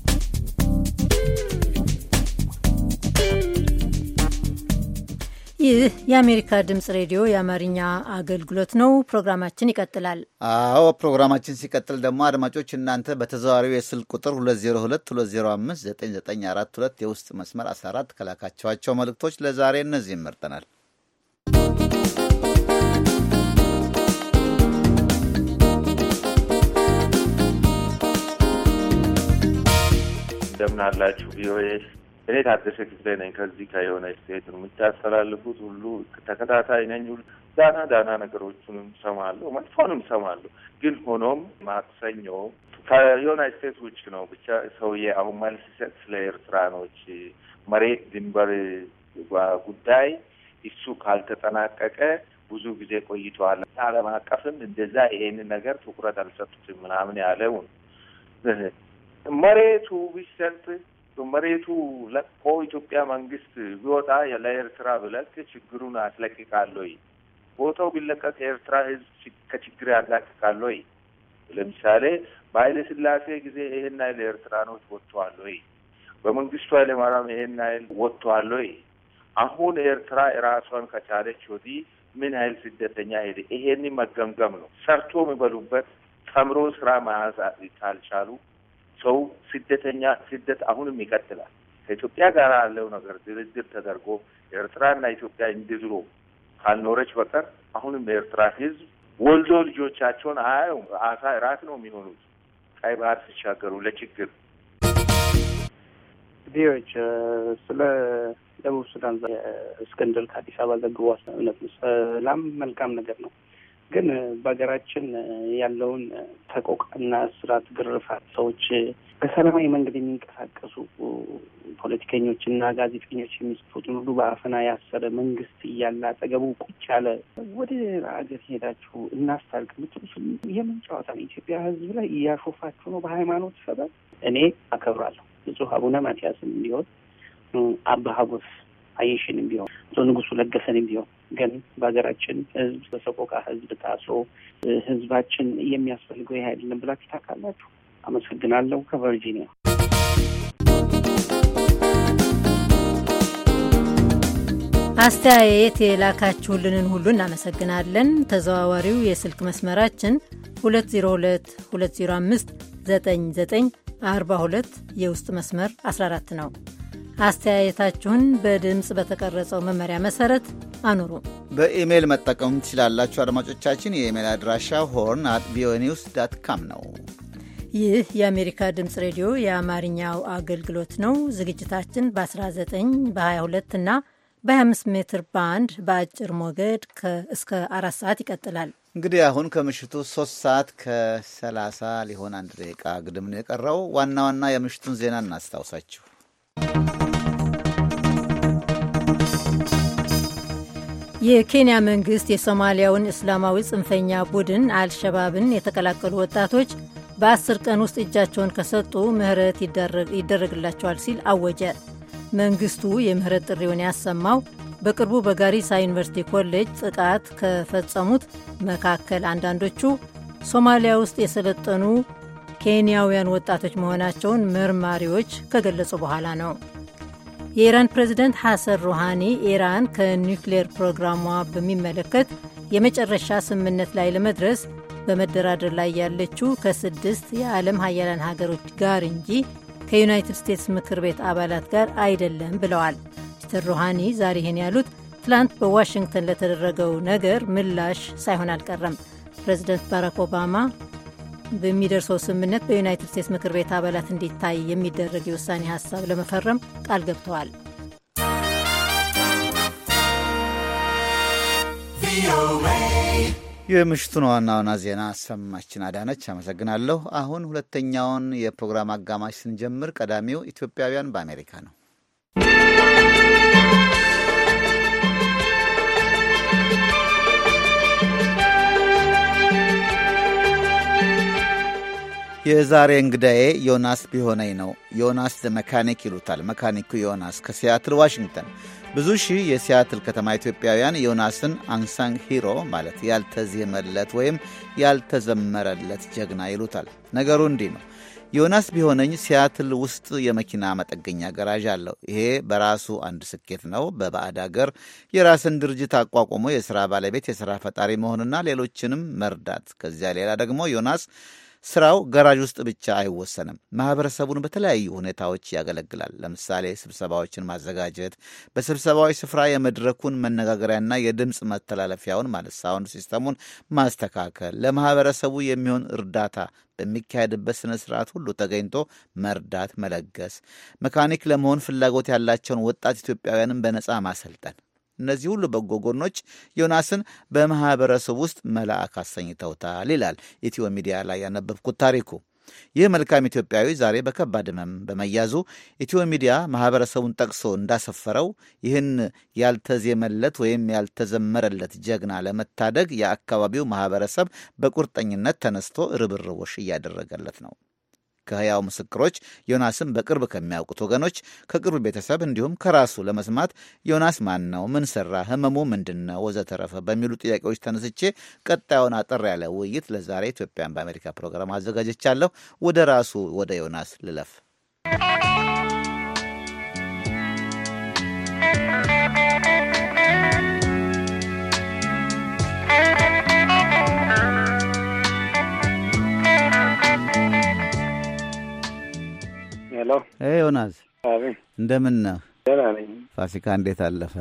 [SPEAKER 4] ይህ የአሜሪካ ድምፅ ሬዲዮ የአማርኛ አገልግሎት ነው። ፕሮግራማችን ይቀጥላል።
[SPEAKER 3] አዎ ፕሮግራማችን ሲቀጥል ደግሞ አድማጮች እናንተ በተዘዋሪው የስልክ ቁጥር 2022059942 የውስጥ መስመር 14 ከላካቸዋቸው መልእክቶች ለዛሬ እነዚህ ይመርጠናል።
[SPEAKER 2] እንደምን አላችሁ ቪኦኤ እኔ ታደሰ ክፍሌ ነኝ። ከዚህ ከየሆነ ስቴት ነው የምታስተላልፉት ሁሉ ተከታታይ ነኝ። ሁሉ ዳና ዳና ነገሮቹንም ሰማለሁ፣ መጥፎንም ሰማለሁ። ግን ሆኖም ማክሰኞ ከዩናይት ስቴትስ ውጭ ነው። ብቻ ሰውዬ አሁን መልስ ሲሰጥ ስለ ኤርትራኖች መሬት ድንበር ጉዳይ እሱ ካልተጠናቀቀ ብዙ ጊዜ ቆይተዋል። ዓለም አቀፍም እንደዛ ይሄንን ነገር ትኩረት አልሰጡትም ምናምን ያለውን መሬቱ ቢሰጥ መሬቱ ለቆ ኢትዮጵያ መንግስት ቢወጣ ለኤርትራ ብለቅ ችግሩን አስለቅቃለይ ቦታው ቢለቀቅ የኤርትራ ህዝብ ከችግር ያላቅቃለይ። ለምሳሌ በኃይለ ስላሴ ጊዜ ይሄን ኃይል ኤርትራኖች ወጥተዋለይ። በመንግስቱ ኃይለ ማርያም ይሄን ኃይል ወጥተዋለይ። አሁን ኤርትራ ራሷን ከቻለች ወዲህ ምን ያህል ስደተኛ ሄደ? ይሄን መገምገም ነው። ሰርቶ የሚበሉበት ተምሮ ስራ መያዝ ካልቻሉ ሰው ስደተኛ ስደት አሁንም ይቀጥላል። ከኢትዮጵያ ጋር ያለው ነገር ድርድር ተደርጎ ኤርትራና ኢትዮጵያ እንድድሮ ካልኖረች በቀር አሁንም የኤርትራ ህዝብ ወልዶ ልጆቻቸውን አያዩም። አሳ እራት ነው የሚሆኑት ቀይ ባህር ሲሻገሩ ለችግር
[SPEAKER 8] ቪዎች ስለ ደቡብ ሱዳን እስክንድር ከአዲስ አበባ ዘግቧ ሰላም መልካም ነገር ነው። ግን በሀገራችን ያለውን ተቆቃና እስራት፣ ግርፋት ሰዎች
[SPEAKER 2] በሰላማዊ መንገድ
[SPEAKER 8] የሚንቀሳቀሱ ፖለቲከኞች እና ጋዜጠኞች የሚስፈጡን ሁሉ በአፈና ያሰረ መንግስት እያለ አጠገቡ ቁጭ ያለ ወደ ሀገር ሄዳችሁ እናስታርቅ ምትሉስ የምን ጨዋታ ነው? ኢትዮጵያ ህዝብ ላይ እያሾፋችሁ ነው በሃይማኖት ሰበብ። እኔ አከብራለሁ ብፁዕ አቡነ ማትያስም ቢሆን አባ ሀጎስ አይሽንም ቢሆን አቶ ንጉሱ ለገሰንም ቢሆን ግን በሀገራችን ህዝብ በሰቆቃ ህዝብ ታስሮ ህዝባችን የሚያስፈልገው ይህ አይደለም ብላችሁ ታውቃላችሁ። አመሰግናለሁ። ከቨርጂኒያ
[SPEAKER 4] አስተያየት የላካችሁልንን ሁሉ እናመሰግናለን። ተዘዋዋሪው የስልክ መስመራችን 2022059942 የውስጥ መስመር 14 ነው። አስተያየታችሁን በድምፅ በተቀረጸው መመሪያ መሰረት አኑሩ።
[SPEAKER 3] በኢሜይል መጠቀም ትችላላችሁ። አድማጮቻችን የኢሜይል አድራሻ ሆርን አት ቪኦኤ ኒውስ ዳት ካም ነው።
[SPEAKER 4] ይህ የአሜሪካ ድምፅ ሬዲዮ የአማርኛው አገልግሎት ነው። ዝግጅታችን በ19 በ22 እና በ25 ሜትር ባንድ በአጭር ሞገድ እስከ አራት ሰዓት ይቀጥላል።
[SPEAKER 3] እንግዲህ አሁን ከምሽቱ ሶስት ሰዓት ከሰላሳ ሊሆን አንድ ደቂቃ ግድም ነው የቀረው። ዋና ዋና የምሽቱን ዜና እናስታውሳችሁ።
[SPEAKER 4] የኬንያ መንግሥት የሶማሊያውን እስላማዊ ጽንፈኛ ቡድን አልሸባብን የተቀላቀሉ ወጣቶች በአስር ቀን ውስጥ እጃቸውን ከሰጡ ምህረት ይደረግላቸዋል ሲል አወጀ። መንግሥቱ የምህረት ጥሪውን ያሰማው በቅርቡ በጋሪሳ ዩኒቨርሲቲ ኮሌጅ ጥቃት ከፈጸሙት መካከል አንዳንዶቹ ሶማሊያ ውስጥ የሰለጠኑ ኬንያውያን ወጣቶች መሆናቸውን መርማሪዎች ከገለጹ በኋላ ነው። የኢራን ፕሬዝደንት ሐሰን ሩሃኒ ኢራን ከኒውክሌር ፕሮግራሟ በሚመለከት የመጨረሻ ስምምነት ላይ ለመድረስ በመደራደር ላይ ያለችው ከስድስት የዓለም ሀያላን ሀገሮች ጋር እንጂ ከዩናይትድ ስቴትስ ምክር ቤት አባላት ጋር አይደለም ብለዋል። ሚስተር ሩሃኒ ዛሬ ይህን ያሉት ትላንት በዋሽንግተን ለተደረገው ነገር ምላሽ ሳይሆን አልቀረም። ፕሬዝደንት ባራክ ኦባማ በሚደርሰው ስምምነት በዩናይትድ ስቴትስ ምክር ቤት አባላት እንዲታይ የሚደረግ የውሳኔ ሀሳብ ለመፈረም ቃል ገብተዋል።
[SPEAKER 3] የምሽቱን ዋና ዋና ዜና አሰማችን አዳነች፣ አመሰግናለሁ። አሁን ሁለተኛውን የፕሮግራም አጋማሽ ስንጀምር ቀዳሚው ኢትዮጵያውያን በአሜሪካ ነው። የዛሬ እንግዳዬ ዮናስ ቢሆነኝ ነው። ዮናስ መካኒክ ይሉታል። መካኒኩ ዮናስ ከሲያትል ዋሽንግተን። ብዙ ሺህ የሲያትል ከተማ ኢትዮጵያውያን ዮናስን አንሳንግ ሂሮ ማለት ያልተዜመለት ወይም ያልተዘመረለት ጀግና ይሉታል። ነገሩ እንዲህ ነው። ዮናስ ቢሆነኝ ሲያትል ውስጥ የመኪና መጠገኛ ገራዥ አለው። ይሄ በራሱ አንድ ስኬት ነው። በባዕድ አገር የራስን ድርጅት አቋቁሞ የሥራ ባለቤት የሥራ ፈጣሪ መሆንና ሌሎችንም መርዳት። ከዚያ ሌላ ደግሞ ዮናስ ስራው ገራዥ ውስጥ ብቻ አይወሰንም። ማህበረሰቡን በተለያዩ ሁኔታዎች ያገለግላል። ለምሳሌ ስብሰባዎችን ማዘጋጀት፣ በስብሰባዎች ስፍራ የመድረኩን መነጋገሪያና የድምፅ መተላለፊያውን ማለት ሳውንድ ሲስተሙን ማስተካከል፣ ለማህበረሰቡ የሚሆን እርዳታ በሚካሄድበት ስነ ስርዓት ሁሉ ተገኝቶ መርዳት፣ መለገስ፣ መካኒክ ለመሆን ፍላጎት ያላቸውን ወጣት ኢትዮጵያውያንን በነፃ ማሰልጠን እነዚህ ሁሉ በጎ ጎኖች ዮናስን በማህበረሰብ ውስጥ መልአክ አሰኝተውታል ይላል ኢትዮ ሚዲያ ላይ ያነበብኩት ታሪኩ። ይህ መልካም ኢትዮጵያዊ ዛሬ በከባድ ሕመም በመያዙ ኢትዮ ሚዲያ ማህበረሰቡን ጠቅሶ እንዳሰፈረው ይህን ያልተዜመለት ወይም ያልተዘመረለት ጀግና ለመታደግ የአካባቢው ማህበረሰብ በቁርጠኝነት ተነስቶ ርብርቦሽ እያደረገለት ነው። ከህያው ምስክሮች ዮናስን በቅርብ ከሚያውቁት ወገኖች፣ ከቅርብ ቤተሰብ እንዲሁም ከራሱ ለመስማት ዮናስ ማን ነው? ምን ሰራ? ህመሙ ምንድን ነው? ወዘተረፈ በሚሉ ጥያቄዎች ተነስቼ ቀጣዩን አጠር ያለ ውይይት ለዛሬ ኢትዮጵያን በአሜሪካ ፕሮግራም አዘጋጀቻለሁ። ወደ ራሱ ወደ ዮናስ ልለፍ። አመሰግናለሁ። ዮናስ እንደምን ነህ? ደህና ነኝ። ፋሲካ እንዴት አለፈ?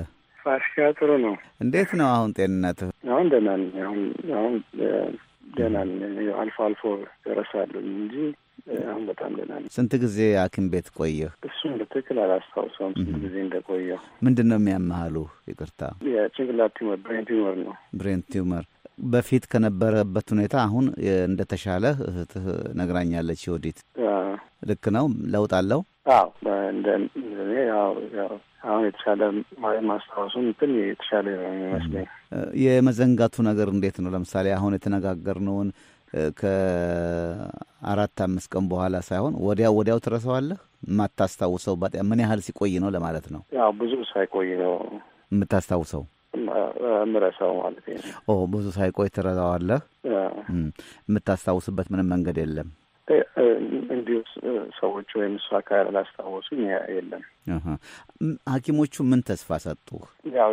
[SPEAKER 8] ፋሲካ ጥሩ ነው።
[SPEAKER 3] እንዴት ነው አሁን ጤንነት?
[SPEAKER 8] አሁን ደህና ነኝ። አሁን አሁን ደህና ነኝ። አልፎ አልፎ ደረሳሉ እንጂ አሁን በጣም ደህና ነኝ።
[SPEAKER 3] ስንት ጊዜ ሐኪም ቤት ቆየህ?
[SPEAKER 8] እሱም በትክክል አላስታውሰውም ስንት ጊዜ እንደቆየሁ።
[SPEAKER 3] ምንድን ነው የሚያመሃሉ? ይቅርታ፣
[SPEAKER 8] የጭንቅላት ቲመር ብሬን ቲመር ነው።
[SPEAKER 3] ብሬን ቲመር በፊት ከነበረበት ሁኔታ አሁን እንደተሻለ እህትህ ነግራኛለች። ወዲት ልክ ነው? ለውጥ አለው?
[SPEAKER 8] አዎ አሁን የተሻለ ማስታወሱ እንትን የተሻለ ይመስለኝ።
[SPEAKER 3] የመዘንጋቱ ነገር እንዴት ነው? ለምሳሌ አሁን የተነጋገርነውን ከአራት አምስት ቀን በኋላ ሳይሆን ወዲያው ወዲያው ትረሰዋለህ የማታስታውሰው ምን ያህል ሲቆይ ነው ለማለት ነው?
[SPEAKER 8] ያው ብዙ ሳይቆይ ነው
[SPEAKER 3] የምታስታውሰው
[SPEAKER 8] ምረሳው ማለት
[SPEAKER 3] ኦ ብዙ ሳይቆይ ትረሳዋለህ። የምታስታውስበት ምንም መንገድ የለም።
[SPEAKER 8] እንዲሁ ሰዎች ወይም እሱ እሷ ካላስታወሱኝ የለም።
[SPEAKER 3] ሐኪሞቹ ምን ተስፋ ሰጡ?
[SPEAKER 8] ያው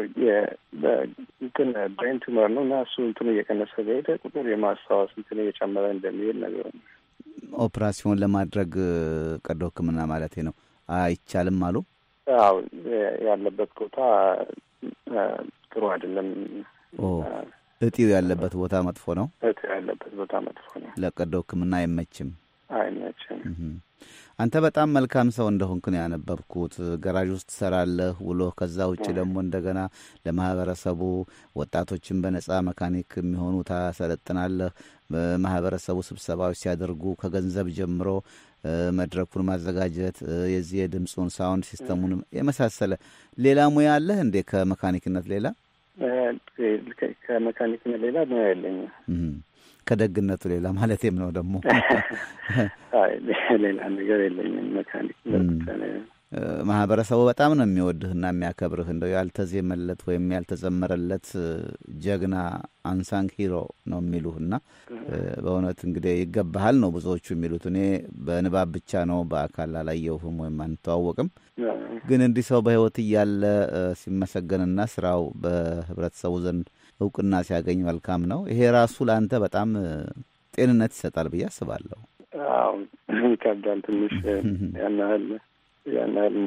[SPEAKER 8] እንትን ብሬን ቱመር ነው እና እሱ እንትን እየቀነሰ በሄደ ቁጥር የማስታወስ እንትን እየጨመረ እንደሚሄድ ነገር
[SPEAKER 3] ኦፕራሲዮን ለማድረግ ቀዶ ሕክምና ማለት ነው አይቻልም አሉ።
[SPEAKER 8] ያው ያለበት ቦታ ጥሩ አይደለም።
[SPEAKER 3] እጢው ያለበት ቦታ መጥፎ ነው።
[SPEAKER 8] እጢው ያለበት ቦታ መጥፎ ነው።
[SPEAKER 3] ለቀዶ ሕክምና አይመችም። አንተ በጣም መልካም ሰው እንደሆንክ ነው ያነበብኩት። ገራዥ ውስጥ ትሰራለህ ውሎ፣ ከዛ ውጭ ደግሞ እንደገና ለማህበረሰቡ ወጣቶችን በነፃ መካኒክ የሚሆኑ ታሰለጥናለህ። ማህበረሰቡ ስብሰባዎች ሲያደርጉ ከገንዘብ ጀምሮ መድረኩን ማዘጋጀት የዚህ የድምፁን ሳውንድ ሲስተሙን የመሳሰለ ሌላ ሙያ አለህ እንዴ? ከመካኒክነት ሌላ
[SPEAKER 8] ከመካኒክነት ሌላ ሙያ የለኝም።
[SPEAKER 3] ከደግነቱ ሌላ ማለቴም ነው። ደግሞ
[SPEAKER 8] ሌላ ነገር የለኝም። መካኒክ
[SPEAKER 3] ማህበረሰቡ በጣም ነው የሚወድህና የሚያከብርህ። እንደው ያልተዜመለት ወይም ያልተዘመረለት ጀግና አንሳንግ ሂሮ ነው የሚሉህ እና በእውነት እንግዲህ ይገባሃል ነው ብዙዎቹ የሚሉት። እኔ በንባብ ብቻ ነው በአካል አላየሁህም ወይም አንተዋወቅም። ግን እንዲህ ሰው በህይወት እያለ ሲመሰገንና ስራው በህብረተሰቡ ዘንድ እውቅና ሲያገኝ መልካም ነው። ይሄ ራሱ ለአንተ በጣም ጤንነት ይሰጣል ብዬ አስባለሁ።
[SPEAKER 8] አዎ ይከብዳል ትንሽ ያን ያህል ያን ያህል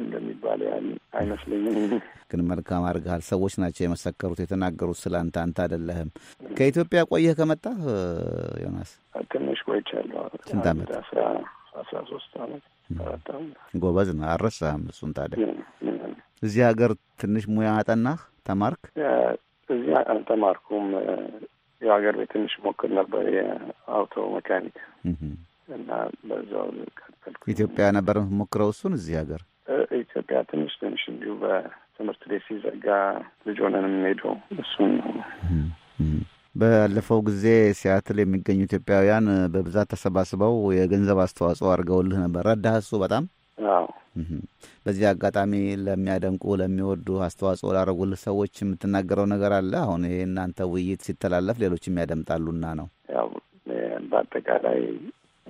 [SPEAKER 8] እንደሚባል
[SPEAKER 3] ያህል አይመስለኝም። ግን መልካም አድርገሃል። ሰዎች ናቸው የመሰከሩት የተናገሩት ስለ አንተ፣ አንተ አይደለህም። ከኢትዮጵያ ቆየህ ከመጣህ ዮናስ? ትንሽ ቆይቻለሁ። ስንት አመት?
[SPEAKER 8] አስራ ሶስት አመት። አራት
[SPEAKER 3] ጎበዝ ነው አልረሳህም እሱን። ታዲያ እዚህ ሀገር ትንሽ ሙያ አጠናህ፣ ተማርክ?
[SPEAKER 8] እዚህ አልተማርኩም። የሀገር ቤት ትንሽ ሞክር ነበር የአውቶ መካኒክ እና በዛው ቀጠልኩ።
[SPEAKER 3] ኢትዮጵያ ነበር ሞክረው እሱን እዚህ ሀገር
[SPEAKER 8] ኢትዮጵያ ትንሽ ትንሽ እንዲሁ በትምህርት ቤት ሲዘጋ ልጅ ሆነን የምንሄደው እሱን ነው።
[SPEAKER 3] ባለፈው ጊዜ ሲያትል የሚገኙ ኢትዮጵያውያን በብዛት ተሰባስበው የገንዘብ አስተዋጽኦ አድርገውልህ ነበር። ረዳህ እሱ በጣም በዚህ አጋጣሚ ለሚያደንቁ ለሚወዱ አስተዋጽኦ ላደረጉልህ ሰዎች የምትናገረው ነገር አለ? አሁን ይሄ እናንተ ውይይት ሲተላለፍ ሌሎችም ያደምጣሉና ነው። ያው
[SPEAKER 8] በአጠቃላይ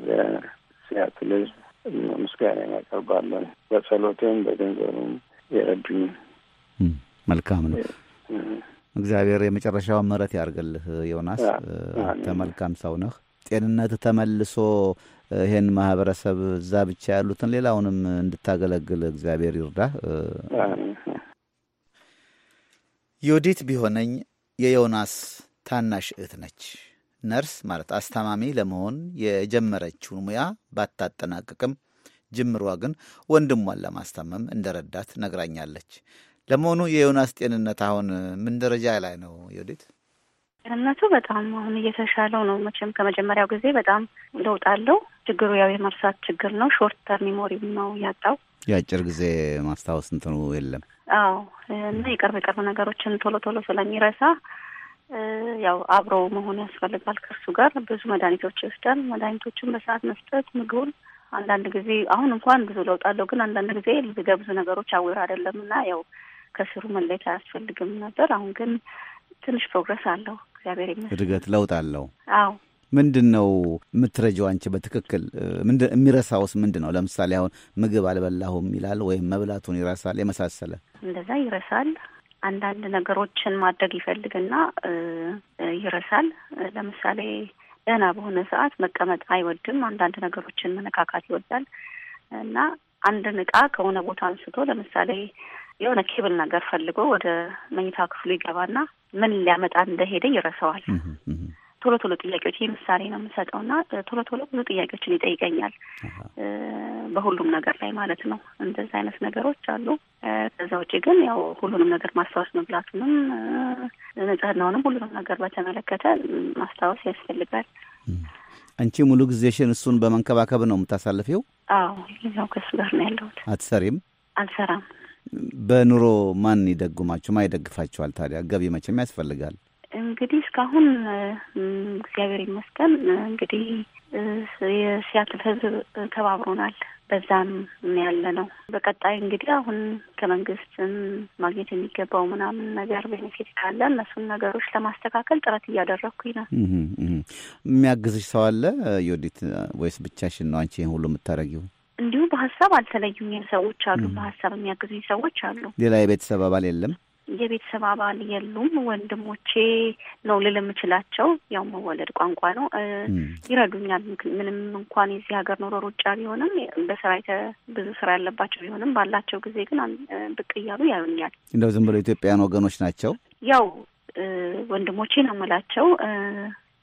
[SPEAKER 8] ለሲያትል ምስጋና ያቀርባለን። በጸሎቴም በገንዘብም የረዱኝ።
[SPEAKER 3] መልካም ነው። እግዚአብሔር የመጨረሻው ምሕረት ያርግልህ ዮናስ። ተመልካም ሰው ነህ። ጤንነት ተመልሶ ይሄን ማህበረሰብ እዛ ብቻ ያሉትን ሌላውንም እንድታገለግል እግዚአብሔር ይርዳ። ዮዲት ቢሆነኝ የዮናስ ታናሽ እህት ነች። ነርስ ማለት አስታማሚ ለመሆን የጀመረችውን ሙያ ባታጠናቅቅም ጅምሯ ግን ወንድሟን ለማስታመም እንደረዳት ነግራኛለች። ለመሆኑ የዮናስ ጤንነት አሁን ምን ደረጃ ላይ ነው ዮዲት?
[SPEAKER 12] ጤንነቱ በጣም አሁን እየተሻለው ነው። መቼም ከመጀመሪያው ጊዜ በጣም ለውጥ አለው። ችግሩ ያው የመርሳት ችግር ነው። ሾርት ተርም ነው ያጣው።
[SPEAKER 3] የአጭር ጊዜ ማስታወስ እንትኑ የለም።
[SPEAKER 12] አዎ እና የቅርብ የቅርብ ነገሮችን ቶሎ ቶሎ ስለሚረሳ ያው አብሮ መሆን ያስፈልጋል ከእሱ ጋር ብዙ መድኃኒቶች ይወስዳል። መድኃኒቶችን በሰዓት መስጠት፣ ምግቡን አንዳንድ ጊዜ አሁን እንኳን ብዙ ለውጥ አለው፣ ግን አንዳንድ ጊዜ ብዙ ነገሮች አዊር አይደለም እና ያው ከስሩ መለየት አያስፈልግም ነበር። አሁን ግን ትንሽ ፕሮግረስ አለው። እግዚአብሔር ይመስገን
[SPEAKER 3] እድገት ለውጥ አለው። አዎ ምንድን ነው የምትረጂው አንቺ በትክክል የሚረሳውስ ምንድን ነው? ለምሳሌ አሁን ምግብ አልበላሁም ይላል ወይም መብላቱን ይረሳል፣
[SPEAKER 12] የመሳሰለ እንደዛ ይረሳል። አንዳንድ ነገሮችን ማድረግ ይፈልግና ይረሳል። ለምሳሌ ደህና በሆነ ሰዓት መቀመጥ አይወድም። አንዳንድ ነገሮችን መነካካት ይወዳል እና አንድን እቃ ከሆነ ቦታ አንስቶ ለምሳሌ የሆነ ኬብል ነገር ፈልጎ ወደ መኝታ ክፍሉ ይገባና ምን ሊያመጣ እንደሄደ ይረሰዋል። ቶሎ ቶሎ ጥያቄዎች ይህ ምሳሌ ነው ና ቶሎ ቶሎ ብዙ ጥያቄዎችን ይጠይቀኛል በሁሉም ነገር ላይ ማለት ነው። እንደዚህ አይነት ነገሮች አሉ። ከዛ ውጭ ግን ያው ሁሉንም ነገር ማስታወስ መብላቱንም፣ ንጽህናውንም ሁሉንም ነገር በተመለከተ ማስታወስ ያስፈልጋል።
[SPEAKER 3] አንቺ ሙሉ ጊዜሽን እሱን በመንከባከብ ነው የምታሳልፊው?
[SPEAKER 12] አዎ፣ ያው ከሱ ጋር ነው ያለሁት። አትሰሪም? አልሰራም።
[SPEAKER 3] በኑሮ ማን ይደጉማችሁ? ማን ይደግፋችኋል? ታዲያ ገቢ መቼም ያስፈልጋል።
[SPEAKER 12] እንግዲህ እስካሁን እግዚአብሔር ይመስገን እንግዲህ የሲያትል ህዝብ ተባብሮናል። በዛም ያለ ነው። በቀጣይ እንግዲህ አሁን ከመንግስትም ማግኘት የሚገባው ምናምን ነገር ቤኔፊት ካለ እነሱን ነገሮች ለማስተካከል ጥረት እያደረግኩኝ ነው።
[SPEAKER 3] የሚያግዝሽ ሰው አለ ዮዲት፣ ወይስ ብቻሽን ነው አንቺ ይህን ሁሉ የምታደርጊው?
[SPEAKER 12] እንዲሁ በሀሳብ አልተለዩኝ ሰዎች አሉ። በሀሳብ የሚያግዙኝ ሰዎች አሉ።
[SPEAKER 3] ሌላ የቤተሰብ አባል የለም።
[SPEAKER 12] የቤተሰብ አባል የሉም። ወንድሞቼ ነው ልል የምችላቸው ያው መወለድ ቋንቋ ነው። ይረዱኛል። ምንም እንኳን የዚህ ሀገር ኑሮ ሩጫ ቢሆንም በስራ ብዙ ስራ ያለባቸው ቢሆንም ባላቸው ጊዜ ግን ብቅ እያሉ ያዩኛል።
[SPEAKER 3] እንደው ዝም ብለው ኢትዮጵያውያን ወገኖች ናቸው።
[SPEAKER 12] ያው ወንድሞቼ ነው የምላቸው።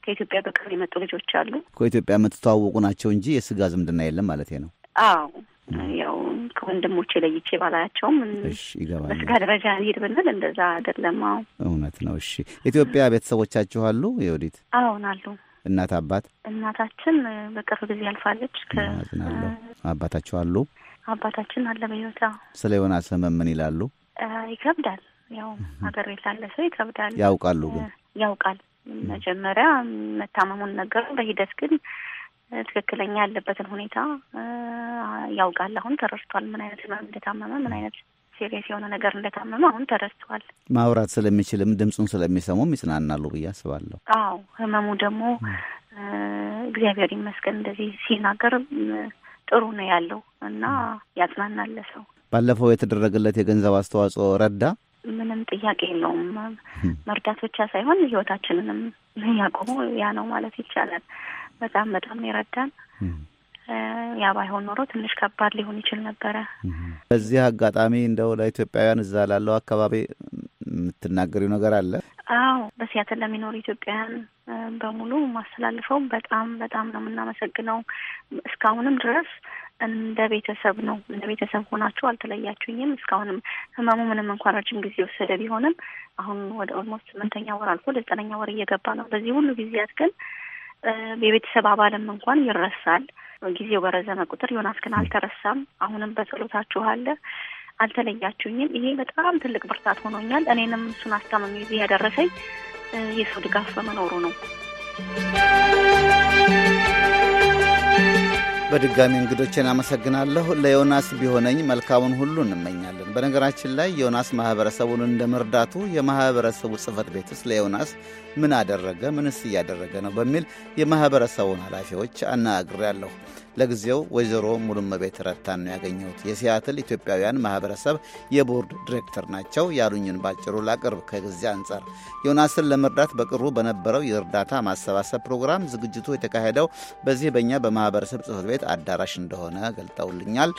[SPEAKER 12] ከኢትዮጵያ በቅርብ የመጡ ልጆች አሉ።
[SPEAKER 3] ከኢትዮጵያ የምትተዋወቁ ናቸው እንጂ የስጋ ዝምድና የለም ማለት ነው።
[SPEAKER 12] አዎ ያው ከወንድሞቼ ለይቼ ባላያቸውም በስጋ ደረጃ ሄድ ብንል እንደዛ አይደለም። አዎ
[SPEAKER 3] እውነት ነው። እሺ ኢትዮጵያ ቤተሰቦቻችሁ አሉ? የወዲት አዎን አሉ። እናት አባት?
[SPEAKER 12] እናታችን በቅርብ ጊዜ አልፋለች። ከናለሁ
[SPEAKER 3] አባታችሁ አሉ?
[SPEAKER 12] አባታችን አለ በሕይወት።
[SPEAKER 3] ስለ ዮናስ ህመም ምን ይላሉ?
[SPEAKER 12] ይከብዳል። ያው ሀገር ቤት ላለ ሰው ይከብዳል። ያውቃሉ ግን ያውቃል መጀመሪያ መታመሙን ነገሩ በሂደት ግን ትክክለኛ ያለበትን ሁኔታ ያውቃል። አሁን ተረስቷል። ምን አይነት ህመም እንደታመመ ምን አይነት ሲሪየስ የሆነ ነገር እንደታመመ አሁን ተረስተዋል።
[SPEAKER 3] ማውራት ስለሚችልም ድምፁን ስለሚሰሙም ይጽናናሉ ብዬ አስባለሁ።
[SPEAKER 12] አዎ ህመሙ ደግሞ እግዚአብሔር ይመስገን እንደዚህ ሲናገር ጥሩ ነው ያለው እና ያጽናናለ ሰው
[SPEAKER 3] ባለፈው የተደረገለት የገንዘብ አስተዋጽኦ ረዳ።
[SPEAKER 12] ምንም ጥያቄ የለውም። መርዳት ብቻ ሳይሆን ህይወታችንንም ያቆሙ ያ ነው ማለት ይቻላል። በጣም በጣም የረዳን። ያ ባይሆን ኖሮ ትንሽ ከባድ ሊሆን ይችል ነበረ።
[SPEAKER 3] በዚህ አጋጣሚ እንደው ለኢትዮጵያውያን እዛ ላለው አካባቢ የምትናገሪው ነገር አለ?
[SPEAKER 12] አዎ በሲያትል ለሚኖሩ ኢትዮጵያውያን በሙሉ ማስተላልፈው በጣም በጣም ነው የምናመሰግነው። እስካሁንም ድረስ እንደ ቤተሰብ ነው እንደ ቤተሰብ ሆናችሁ አልተለያችሁኝም። እስካሁንም ህመሙ ምንም እንኳን ረጅም ጊዜ ወሰደ ቢሆንም አሁን ወደ ኦልሞስት ስምንተኛ ወር አልፎ ዘጠነኛ ወር እየገባ ነው። በዚህ ሁሉ ጊዜያት ግን የቤተሰብ አባልም እንኳን ይረሳል። ጊዜው በረዘመ ቁጥር ዮናስ ግን አልተረሳም። አሁንም በጸሎታችሁ አለ አልተለያችሁኝም። ይሄ በጣም ትልቅ ብርታት ሆኖኛል። እኔንም እሱን አስታመሚ ያደረሰኝ የሰው ድጋፍ በመኖሩ ነው።
[SPEAKER 3] በድጋሚ እንግዶችን አመሰግናለሁ። ለዮናስ ቢሆነኝ መልካሙን ሁሉ እንመኛለን። በነገራችን ላይ ዮናስ ማህበረሰቡን እንደ መርዳቱ የማህበረሰቡ ጽህፈት ቤት ውስጥ ለዮናስ ምን አደረገ፣ ምንስ እያደረገ ነው በሚል የማህበረሰቡን ኃላፊዎች አነጋግሬያለሁ። ለጊዜው ወይዘሮ ሙሉመቤት ረታን ነው ያገኘሁት። የሲያትል ኢትዮጵያውያን ማህበረሰብ የቦርድ ዲሬክተር ናቸው። ያሉኝን ባጭሩ ላቅርብ። ከጊዜ አንጻር ዮናስን ለመርዳት በቅርቡ በነበረው የእርዳታ ማሰባሰብ ፕሮግራም ዝግጅቱ የተካሄደው በዚህ በእኛ በማህበረሰብ ጽሕፈት ቤት አዳራሽ እንደሆነ ገልጠውልኛል።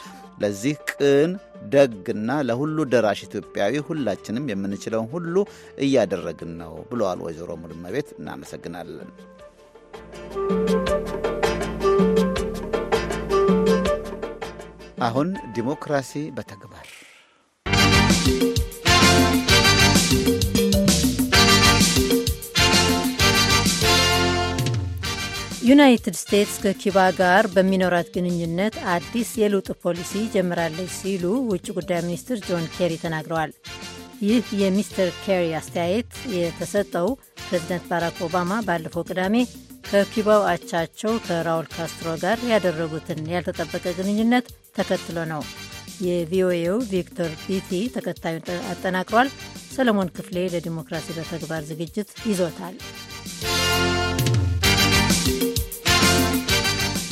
[SPEAKER 3] ለዚህ ቅን ደግና ለሁሉ ደራሽ ኢትዮጵያዊ ሁላችንም የምንችለውን ሁሉ እያደረግን ነው ብለዋል ወይዘሮ ሙሉመቤት። እናመሰግናለን። አሁን ዲሞክራሲ በተግባር
[SPEAKER 4] ዩናይትድ ስቴትስ ከኪባ ጋር በሚኖራት ግንኙነት አዲስ የለውጥ ፖሊሲ ጀምራለች ሲሉ ውጭ ጉዳይ ሚኒስትር ጆን ኬሪ ተናግረዋል። ይህ የሚስተር ኬሪ አስተያየት የተሰጠው ፕሬዚደንት ባራክ ኦባማ ባለፈው ቅዳሜ ከኪባው አቻቸው ከራውል ካስትሮ ጋር ያደረጉትን ያልተጠበቀ ግንኙነት ተከትሎ ነው። የቪኦኤው ቪክቶር ቢቲ ተከታዩን አጠናቅሯል። ሰለሞን ክፍሌ ለዲሞክራሲ በተግባር ዝግጅት ይዞታል።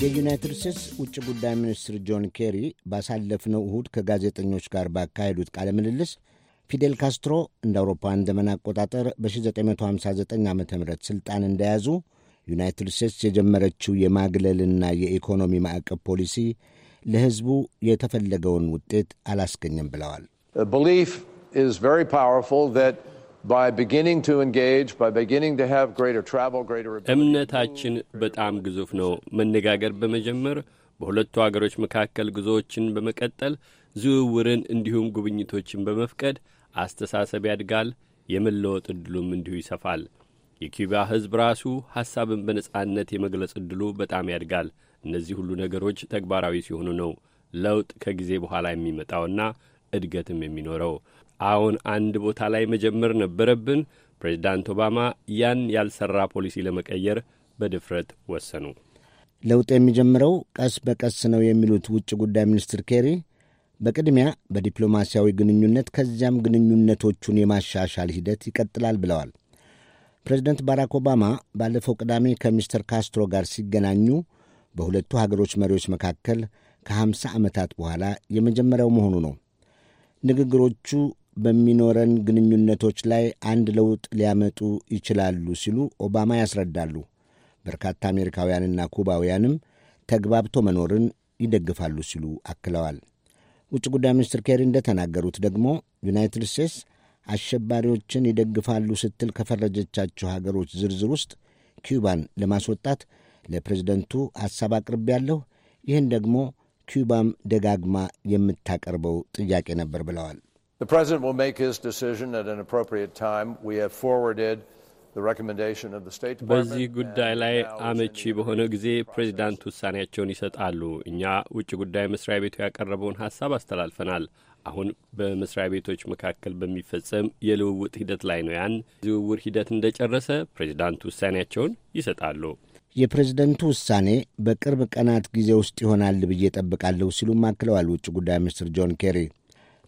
[SPEAKER 11] የዩናይትድ ስቴትስ ውጭ ጉዳይ ሚኒስትር ጆን ኬሪ ባሳለፍነው እሁድ ከጋዜጠኞች ጋር ባካሄዱት ቃለ ምልልስ ፊዴል ካስትሮ እንደ አውሮፓውያን ዘመን አቆጣጠር በ1959 ዓ ም ሥልጣን እንደያዙ ዩናይትድ ስቴትስ የጀመረችው የማግለልና የኢኮኖሚ ማዕቀብ ፖሊሲ ለሕዝቡ የተፈለገውን ውጤት አላስገኘም ብለዋል።
[SPEAKER 10] እምነታችን በጣም ግዙፍ ነው። መነጋገር በመጀመር በሁለቱ አገሮች መካከል ጉዞዎችን በመቀጠል ዝውውርን፣ እንዲሁም ጉብኝቶችን በመፍቀድ አስተሳሰብ ያድጋል። የመለወጥ ዕድሉም እንዲሁ ይሰፋል። የኪዩባ ሕዝብ ራሱ ሐሳብን በነጻነት የመግለጽ ዕድሉ በጣም ያድጋል። እነዚህ ሁሉ ነገሮች ተግባራዊ ሲሆኑ ነው ለውጥ ከጊዜ በኋላ የሚመጣውና እድገትም የሚኖረው። አሁን አንድ ቦታ ላይ መጀመር ነበረብን። ፕሬዚዳንት ኦባማ ያን ያልሰራ ፖሊሲ ለመቀየር በድፍረት ወሰኑ።
[SPEAKER 11] ለውጥ የሚጀምረው ቀስ በቀስ ነው የሚሉት ውጭ ጉዳይ ሚኒስትር ኬሪ በቅድሚያ በዲፕሎማሲያዊ ግንኙነት ከዚያም ግንኙነቶቹን የማሻሻል ሂደት ይቀጥላል ብለዋል። ፕሬዚደንት ባራክ ኦባማ ባለፈው ቅዳሜ ከሚስተር ካስትሮ ጋር ሲገናኙ በሁለቱ ሀገሮች መሪዎች መካከል ከ50 ዓመታት በኋላ የመጀመሪያው መሆኑ ነው። ንግግሮቹ በሚኖረን ግንኙነቶች ላይ አንድ ለውጥ ሊያመጡ ይችላሉ ሲሉ ኦባማ ያስረዳሉ። በርካታ አሜሪካውያንና ኩባውያንም ተግባብቶ መኖርን ይደግፋሉ ሲሉ አክለዋል። ውጭ ጉዳይ ሚኒስትር ኬሪ እንደተናገሩት ደግሞ ዩናይትድ ስቴትስ አሸባሪዎችን ይደግፋሉ ስትል ከፈረጀቻቸው ሀገሮች ዝርዝር ውስጥ ኪዩባን ለማስወጣት ለፕሬዝደንቱ ሐሳብ አቅርቤያለሁ። ይህን ደግሞ ኪዩባም ደጋግማ የምታቀርበው ጥያቄ ነበር ብለዋል።
[SPEAKER 1] በዚህ ጉዳይ
[SPEAKER 10] ላይ አመቺ በሆነ ጊዜ ፕሬዚዳንት ውሳኔያቸውን ይሰጣሉ። እኛ ውጭ ጉዳይ መስሪያ ቤቱ ያቀረበውን ሀሳብ አስተላልፈናል። አሁን በመስሪያ ቤቶች መካከል በሚፈጸም የልውውጥ ሂደት ላይ ነው። ያን ዝውውር ሂደት እንደጨረሰ ፕሬዚዳንቱ ውሳኔያቸውን ይሰጣሉ።
[SPEAKER 11] የፕሬዝደንቱ ውሳኔ በቅርብ ቀናት ጊዜ ውስጥ ይሆናል ብዬ ጠብቃለሁ ሲሉም አክለዋል ውጭ ጉዳይ ሚኒስትር ጆን ኬሪ።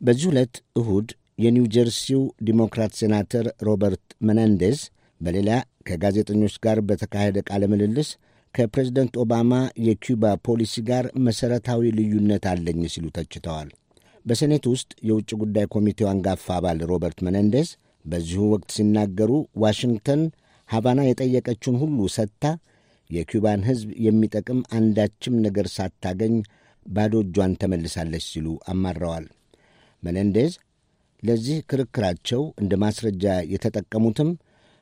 [SPEAKER 11] በዚህ ዕለት እሁድ የኒው ጀርሲው ዲሞክራት ሴናተር ሮበርት መናንዴዝ በሌላ ከጋዜጠኞች ጋር በተካሄደ ቃለ ምልልስ ከፕሬዝደንት ኦባማ የኪዩባ ፖሊሲ ጋር መሠረታዊ ልዩነት አለኝ ሲሉ ተችተዋል። በሴኔት ውስጥ የውጭ ጉዳይ ኮሚቴው አንጋፋ አባል ሮበርት መነንደስ በዚሁ ወቅት ሲናገሩ ዋሽንግተን ሀቫና የጠየቀችውን ሁሉ ሰጥታ የኪውባን ሕዝብ የሚጠቅም አንዳችም ነገር ሳታገኝ ባዶ እጇን ተመልሳለች ሲሉ አማረዋል። መነንዴዝ ለዚህ ክርክራቸው እንደ ማስረጃ የተጠቀሙትም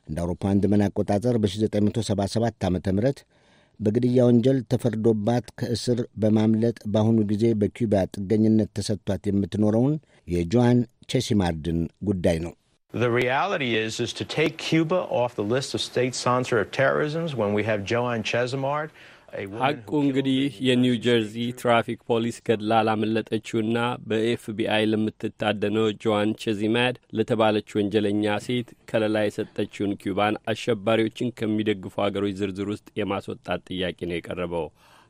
[SPEAKER 11] እንደ አውሮፓውያን ዘመን አቆጣጠር በ1977 ዓ ም በግድያ ወንጀል ተፈርዶባት ከእስር በማምለጥ በአሁኑ ጊዜ በኪዩባ ጥገኝነት ተሰጥቷት የምትኖረውን የጆዋን ቼሲማርድን ጉዳይ ነው።
[SPEAKER 9] The reality is, is to take Cuba off the list of state sponsor of terrorism when we have Joan Chesimard ሐቁ እንግዲህ
[SPEAKER 10] የኒው ጀርዚ ትራፊክ ፖሊስ ገድላ ላመለጠችውና በኤፍቢአይ ለምትታደነው ጆዋን ቼዚማድ ለተባለች ወንጀለኛ ሴት ከለላ የሰጠችውን ኪዩባን አሸባሪዎችን ከሚደግፉ አገሮች ዝርዝር ውስጥ የማስወጣት ጥያቄ ነው የቀረበው።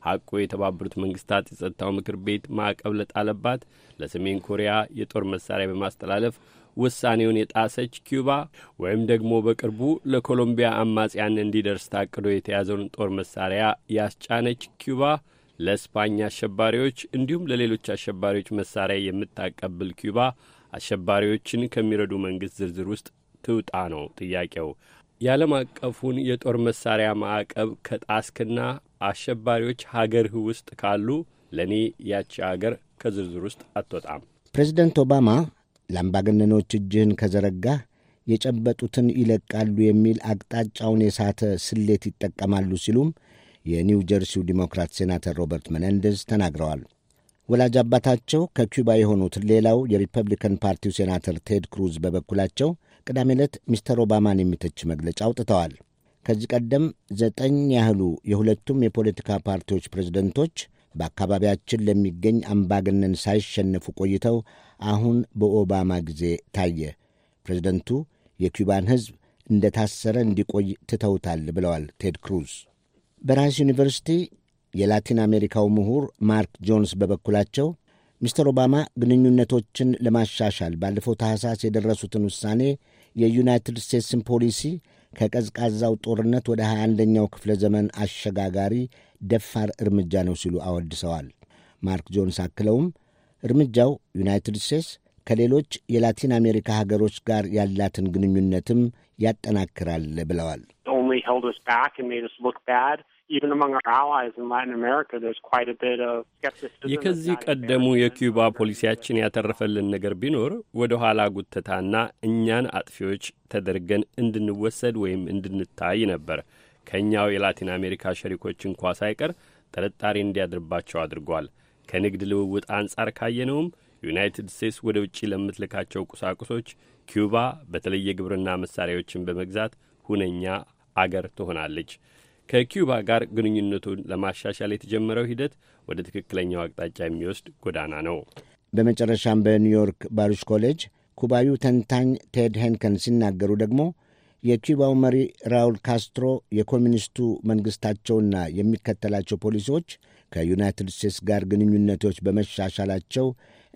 [SPEAKER 10] ሐቁ የተባበሩት መንግስታት የጸጥታው ምክር ቤት ማዕቀብ ለጣለባት ለሰሜን ኮሪያ የጦር መሳሪያ በማስተላለፍ ውሳኔውን የጣሰች ኪዩባ ወይም ደግሞ በቅርቡ ለኮሎምቢያ አማጽያን እንዲደርስ ታቅዶ የተያዘውን ጦር መሳሪያ ያስጫነች ኪዩባ ለስፓኝ አሸባሪዎች እንዲሁም ለሌሎች አሸባሪዎች መሳሪያ የምታቀብል ኪዩባ አሸባሪዎችን ከሚረዱ መንግሥት ዝርዝር ውስጥ ትውጣ ነው ጥያቄው። የዓለም አቀፉን የጦር መሳሪያ ማዕቀብ ከጣስክና አሸባሪዎች ሀገርህ ውስጥ ካሉ ለእኔ ያቺ አገር ከዝርዝር ውስጥ አትወጣም።
[SPEAKER 11] ፕሬዚደንት ኦባማ ለአምባገነኖች እጅህን ከዘረጋ የጨበጡትን ይለቃሉ የሚል አቅጣጫውን የሳተ ስሌት ይጠቀማሉ ሲሉም የኒው ጀርሲው ዲሞክራት ሴናተር ሮበርት መነንደዝ ተናግረዋል። ወላጅ አባታቸው ከኩባ የሆኑት ሌላው የሪፐብሊካን ፓርቲው ሴናተር ቴድ ክሩዝ በበኩላቸው ቅዳሜ ዕለት ሚስተር ኦባማን የሚተች መግለጫ አውጥተዋል። ከዚህ ቀደም ዘጠኝ ያህሉ የሁለቱም የፖለቲካ ፓርቲዎች ፕሬዝደንቶች በአካባቢያችን ለሚገኝ አምባገነን ሳይሸነፉ ቆይተው አሁን በኦባማ ጊዜ ታየ። ፕሬዚደንቱ የኪውባን ሕዝብ እንደ ታሰረ እንዲቆይ ትተውታል ብለዋል ቴድ ክሩዝ። በራስ ዩኒቨርሲቲ የላቲን አሜሪካው ምሁር ማርክ ጆንስ በበኩላቸው ሚስተር ኦባማ ግንኙነቶችን ለማሻሻል ባለፈው ታህሳስ የደረሱትን ውሳኔ የዩናይትድ ስቴትስን ፖሊሲ ከቀዝቃዛው ጦርነት ወደ 21ኛው ክፍለ ዘመን አሸጋጋሪ ደፋር እርምጃ ነው ሲሉ አወድሰዋል። ማርክ ጆንስ አክለውም እርምጃው ዩናይትድ ስቴትስ ከሌሎች የላቲን አሜሪካ ሀገሮች ጋር ያላትን ግንኙነትም ያጠናክራል ብለዋል።
[SPEAKER 8] የከዚህ
[SPEAKER 10] ቀደሙ የኪዩባ ፖሊሲያችን ያተረፈልን ነገር ቢኖር ወደ ኋላ ጉተታና እኛን አጥፊዎች ተደርገን እንድንወሰድ ወይም እንድንታይ ነበር። ከእኛው የላቲን አሜሪካ ሸሪኮች እንኳ ሳይቀር ጥርጣሬ እንዲያድርባቸው አድርጓል። ከንግድ ልውውጥ አንጻር ካየነውም ዩናይትድ ስቴትስ ወደ ውጭ ለምትልካቸው ቁሳቁሶች ኪዩባ በተለየ የግብርና መሳሪያዎችን በመግዛት ሁነኛ አገር ትሆናለች። ከኪዩባ ጋር ግንኙነቱን ለማሻሻል የተጀመረው ሂደት ወደ ትክክለኛው አቅጣጫ የሚወስድ ጎዳና ነው።
[SPEAKER 11] በመጨረሻም በኒውዮርክ ባሪሽ ኮሌጅ ኩባዊ ተንታኝ ቴድ ሄንከን ሲናገሩ ደግሞ የኪዩባው መሪ ራውል ካስትሮ የኮሚኒስቱ መንግሥታቸውና የሚከተላቸው ፖሊሲዎች ከዩናይትድ ስቴትስ ጋር ግንኙነቶች በመሻሻላቸው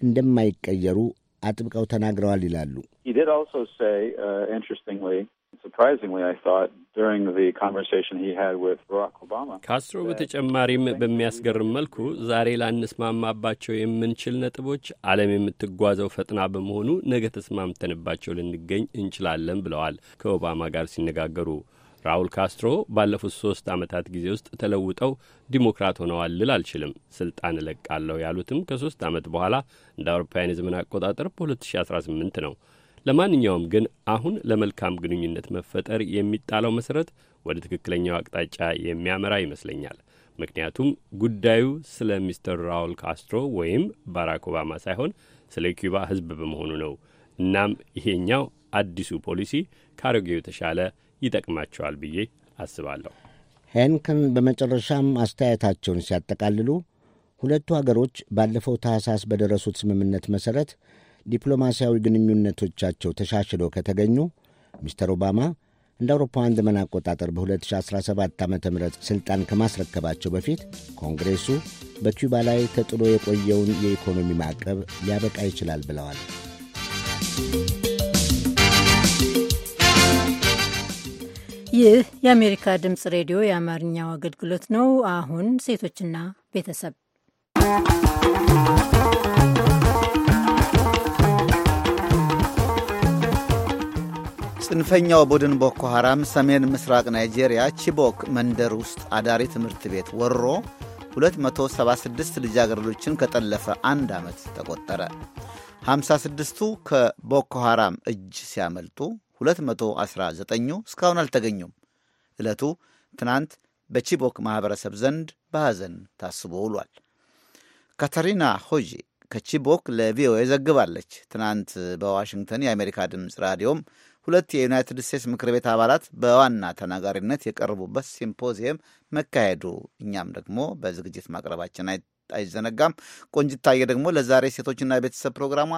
[SPEAKER 11] እንደማይቀየሩ አጥብቀው
[SPEAKER 10] ተናግረዋል ይላሉ። uh, ካስትሮ በተጨማሪም በሚያስገርም መልኩ ዛሬ ላንስማማባቸው የምንችል ነጥቦች ዓለም የምትጓዘው ፈጥና በመሆኑ ነገ ተስማምተንባቸው ልንገኝ እንችላለን ብለዋል ከኦባማ ጋር ሲነጋገሩ ራውል ካስትሮ ባለፉት ሶስት ዓመታት ጊዜ ውስጥ ተለውጠው ዲሞክራት ሆነዋል ልል አልችልም። ስልጣን እለቃለሁ ያሉትም ከሶስት ዓመት በኋላ እንደ አውሮፓውያን የዘመን አቆጣጠር በ2018 ነው። ለማንኛውም ግን አሁን ለመልካም ግንኙነት መፈጠር የሚጣለው መሰረት ወደ ትክክለኛው አቅጣጫ የሚያመራ ይመስለኛል። ምክንያቱም ጉዳዩ ስለ ሚስተር ራውል ካስትሮ ወይም ባራክ ኦባማ ሳይሆን ስለ ኪባ ሕዝብ በመሆኑ ነው። እናም ይሄኛው አዲሱ ፖሊሲ ካሮጌው የተሻለ ይጠቅማቸዋል ብዬ አስባለሁ።
[SPEAKER 11] ሄንክን በመጨረሻም አስተያየታቸውን ሲያጠቃልሉ ሁለቱ ሀገሮች ባለፈው ታህሳስ በደረሱት ስምምነት መሠረት ዲፕሎማሲያዊ ግንኙነቶቻቸው ተሻሽለው ከተገኙ ሚስተር ኦባማ እንደ አውሮፓውያን ዘመን አቆጣጠር በ2017 ዓ ም ሥልጣን ከማስረከባቸው በፊት ኮንግሬሱ በኪውባ ላይ ተጥሎ የቆየውን የኢኮኖሚ ማዕቀብ ሊያበቃ ይችላል ብለዋል።
[SPEAKER 4] ይህ የአሜሪካ ድምፅ ሬዲዮ የአማርኛው አገልግሎት ነው። አሁን ሴቶችና ቤተሰብ
[SPEAKER 3] ጽንፈኛው ቡድን ቦኮ ሐራም ሰሜን ምስራቅ ናይጄሪያ ቺቦክ መንደር ውስጥ አዳሪ ትምህርት ቤት ወሮ 276 ልጃገረዶችን ከጠለፈ አንድ ዓመት ተቆጠረ። 56ቱ ከቦኮ ሐራም እጅ ሲያመልጡ 219ኙ እስካሁን አልተገኙም። ዕለቱ ትናንት በቺቦክ ማኅበረሰብ ዘንድ በሐዘን ታስቦ ውሏል። ካተሪና ሆጂ ከቺቦክ ለቪኦኤ ዘግባለች። ትናንት በዋሽንግተን የአሜሪካ ድምፅ ራዲዮም ሁለት የዩናይትድ ስቴትስ ምክር ቤት አባላት በዋና ተናጋሪነት የቀረቡበት ሲምፖዚየም መካሄዱ እኛም ደግሞ በዝግጅት ማቅረባችን አይዘነጋም። ቆንጅታየ ደግሞ ለዛሬ ሴቶችና ቤተሰብ ፕሮግራሟ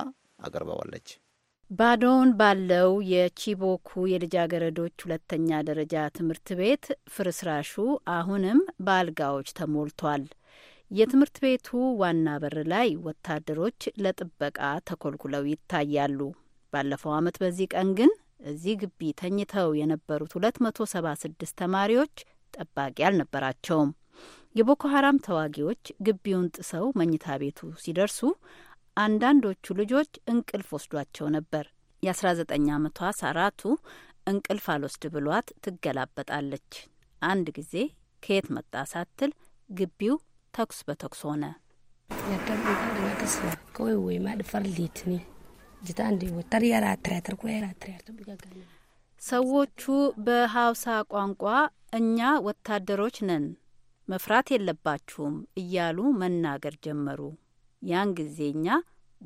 [SPEAKER 3] አቅርበዋለች።
[SPEAKER 6] ባዶውን ባለው የቺቦኩ የልጃገረዶች ሁለተኛ ደረጃ ትምህርት ቤት ፍርስራሹ አሁንም በአልጋዎች ተሞልቷል። የትምህርት ቤቱ ዋና በር ላይ ወታደሮች ለጥበቃ ተኮልኩለው ይታያሉ። ባለፈው ዓመት በዚህ ቀን ግን እዚህ ግቢ ተኝተው የነበሩት 276 ተማሪዎች ጠባቂ አልነበራቸውም። የቦኮ ሀራም ተዋጊዎች ግቢውን ጥሰው መኝታ ቤቱ ሲደርሱ አንዳንዶቹ ልጆች እንቅልፍ ወስዷቸው ነበር። የ19 ዓመቷ ሳራቱ እንቅልፍ አልወስድ ብሏት ትገላበጣለች። አንድ ጊዜ ከየት መጣ ሳትል ግቢው ተኩስ በተኩስ ሆነ። ሰዎቹ በሀውሳ ቋንቋ እኛ ወታደሮች ነን፣ መፍራት የለባችሁም እያሉ መናገር ጀመሩ። ያን ጊዜኛ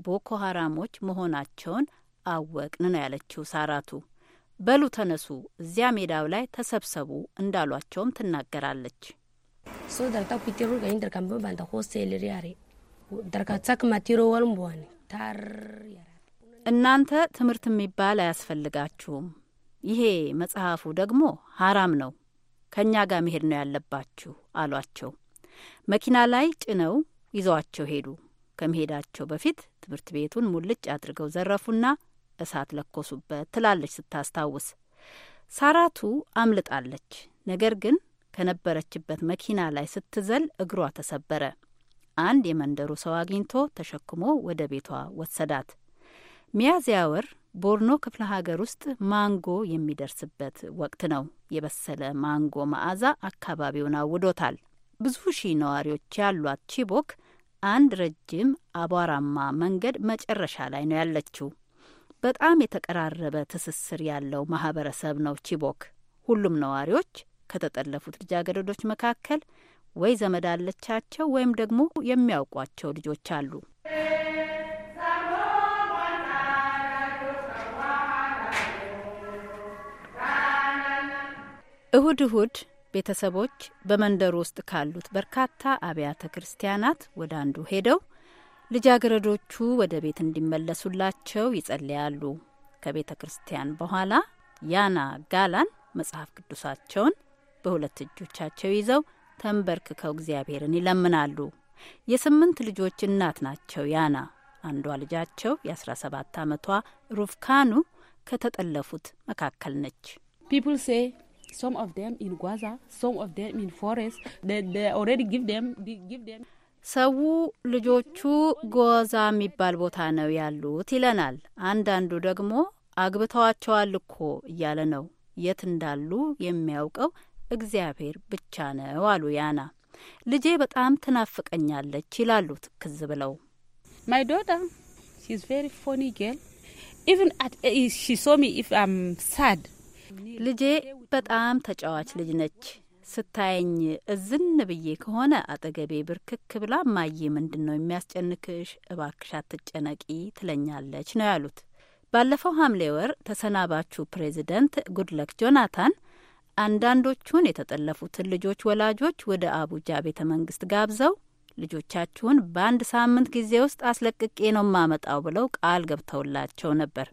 [SPEAKER 6] ቦኮ ሀራሞች መሆናቸውን አወቅን ነው ያለችው ሳራቱ። በሉ ተነሱ፣ እዚያ ሜዳው ላይ ተሰብሰቡ እንዳሏቸውም ትናገራለች። እናንተ ትምህርት የሚባል አያስፈልጋችሁም። ይሄ መጽሐፉ ደግሞ ሀራም ነው፣ ከእኛ ጋር መሄድ ነው ያለባችሁ አሏቸው። መኪና ላይ ጭነው ይዘዋቸው ሄዱ። ከመሄዳቸው በፊት ትምህርት ቤቱን ሙልጭ አድርገው ዘረፉና እሳት ለኮሱበት ትላለች ስታስታውስ። ሳራቱ አምልጣለች። ነገር ግን ከነበረችበት መኪና ላይ ስትዘል እግሯ ተሰበረ። አንድ የመንደሩ ሰው አግኝቶ ተሸክሞ ወደ ቤቷ ወሰዳት። ሚያዝያ ወር ቦርኖ ክፍለ ሀገር ውስጥ ማንጎ የሚደርስበት ወቅት ነው። የበሰለ ማንጎ መዓዛ አካባቢውን አውዶታል። ብዙ ሺህ ነዋሪዎች ያሏት ቺቦክ አንድ ረጅም አቧራማ መንገድ መጨረሻ ላይ ነው ያለችው። በጣም የተቀራረበ ትስስር ያለው ማህበረሰብ ነው ቺቦክ። ሁሉም ነዋሪዎች ከተጠለፉት ልጃገረዶች መካከል ወይ ዘመድ አለቻቸው ወይም ደግሞ የሚያውቋቸው ልጆች አሉ። እሁድ እሁድ ቤተሰቦች በመንደሩ ውስጥ ካሉት በርካታ አብያተ ክርስቲያናት ወደ አንዱ ሄደው ልጃገረዶቹ ወደ ቤት እንዲመለሱላቸው ይጸልያሉ። ከቤተ ክርስቲያን በኋላ ያና ጋላን መጽሐፍ ቅዱሳቸውን በሁለት እጆቻቸው ይዘው ተንበርክከው እግዚአብሔርን ይለምናሉ። የስምንት ልጆች እናት ናቸው ያና። አንዷ ልጃቸው የ17 ዓመቷ ሩፍካኑ ከተጠለፉት መካከል ነች። ፒፕል ሴ some of them in Gaza, some of them in forest. They, they already give them, give them. ሰው ልጆቹ ጎዛ የሚባል ቦታ ነው ያሉት ይለናል። አንዳንዱ ደግሞ አግብተዋቸዋል እኮ እያለ ነው። የት እንዳሉ የሚያውቀው እግዚአብሔር ብቻ ነው አሉ ያና። ልጄ በጣም ትናፍቀኛለች ይላሉት ክዝ ብለው። ማይ ዶታ ሺዝ ቬሪ ፎኒ ጌል ኢቨን ሺ ሶሚ ኢፍ አም ሳድ ልጄ በጣም ተጫዋች ልጅ ነች። ስታየኝ እዝን ብዬ ከሆነ አጠገቤ ብርክክ ብላ ማዬ ምንድን ነው የሚያስጨንክሽ? እባክሽ አትጨነቂ ትለኛለች ነው ያሉት። ባለፈው ሐምሌ ወር ተሰናባቹ ፕሬዚደንት ጉድለክ ጆናታን አንዳንዶቹን የተጠለፉትን ልጆች ወላጆች ወደ አቡጃ ቤተ መንግስት ጋብዘው ልጆቻችሁን በአንድ ሳምንት ጊዜ ውስጥ አስለቅቄ ነው ማመጣው ብለው ቃል ገብተውላቸው ነበር።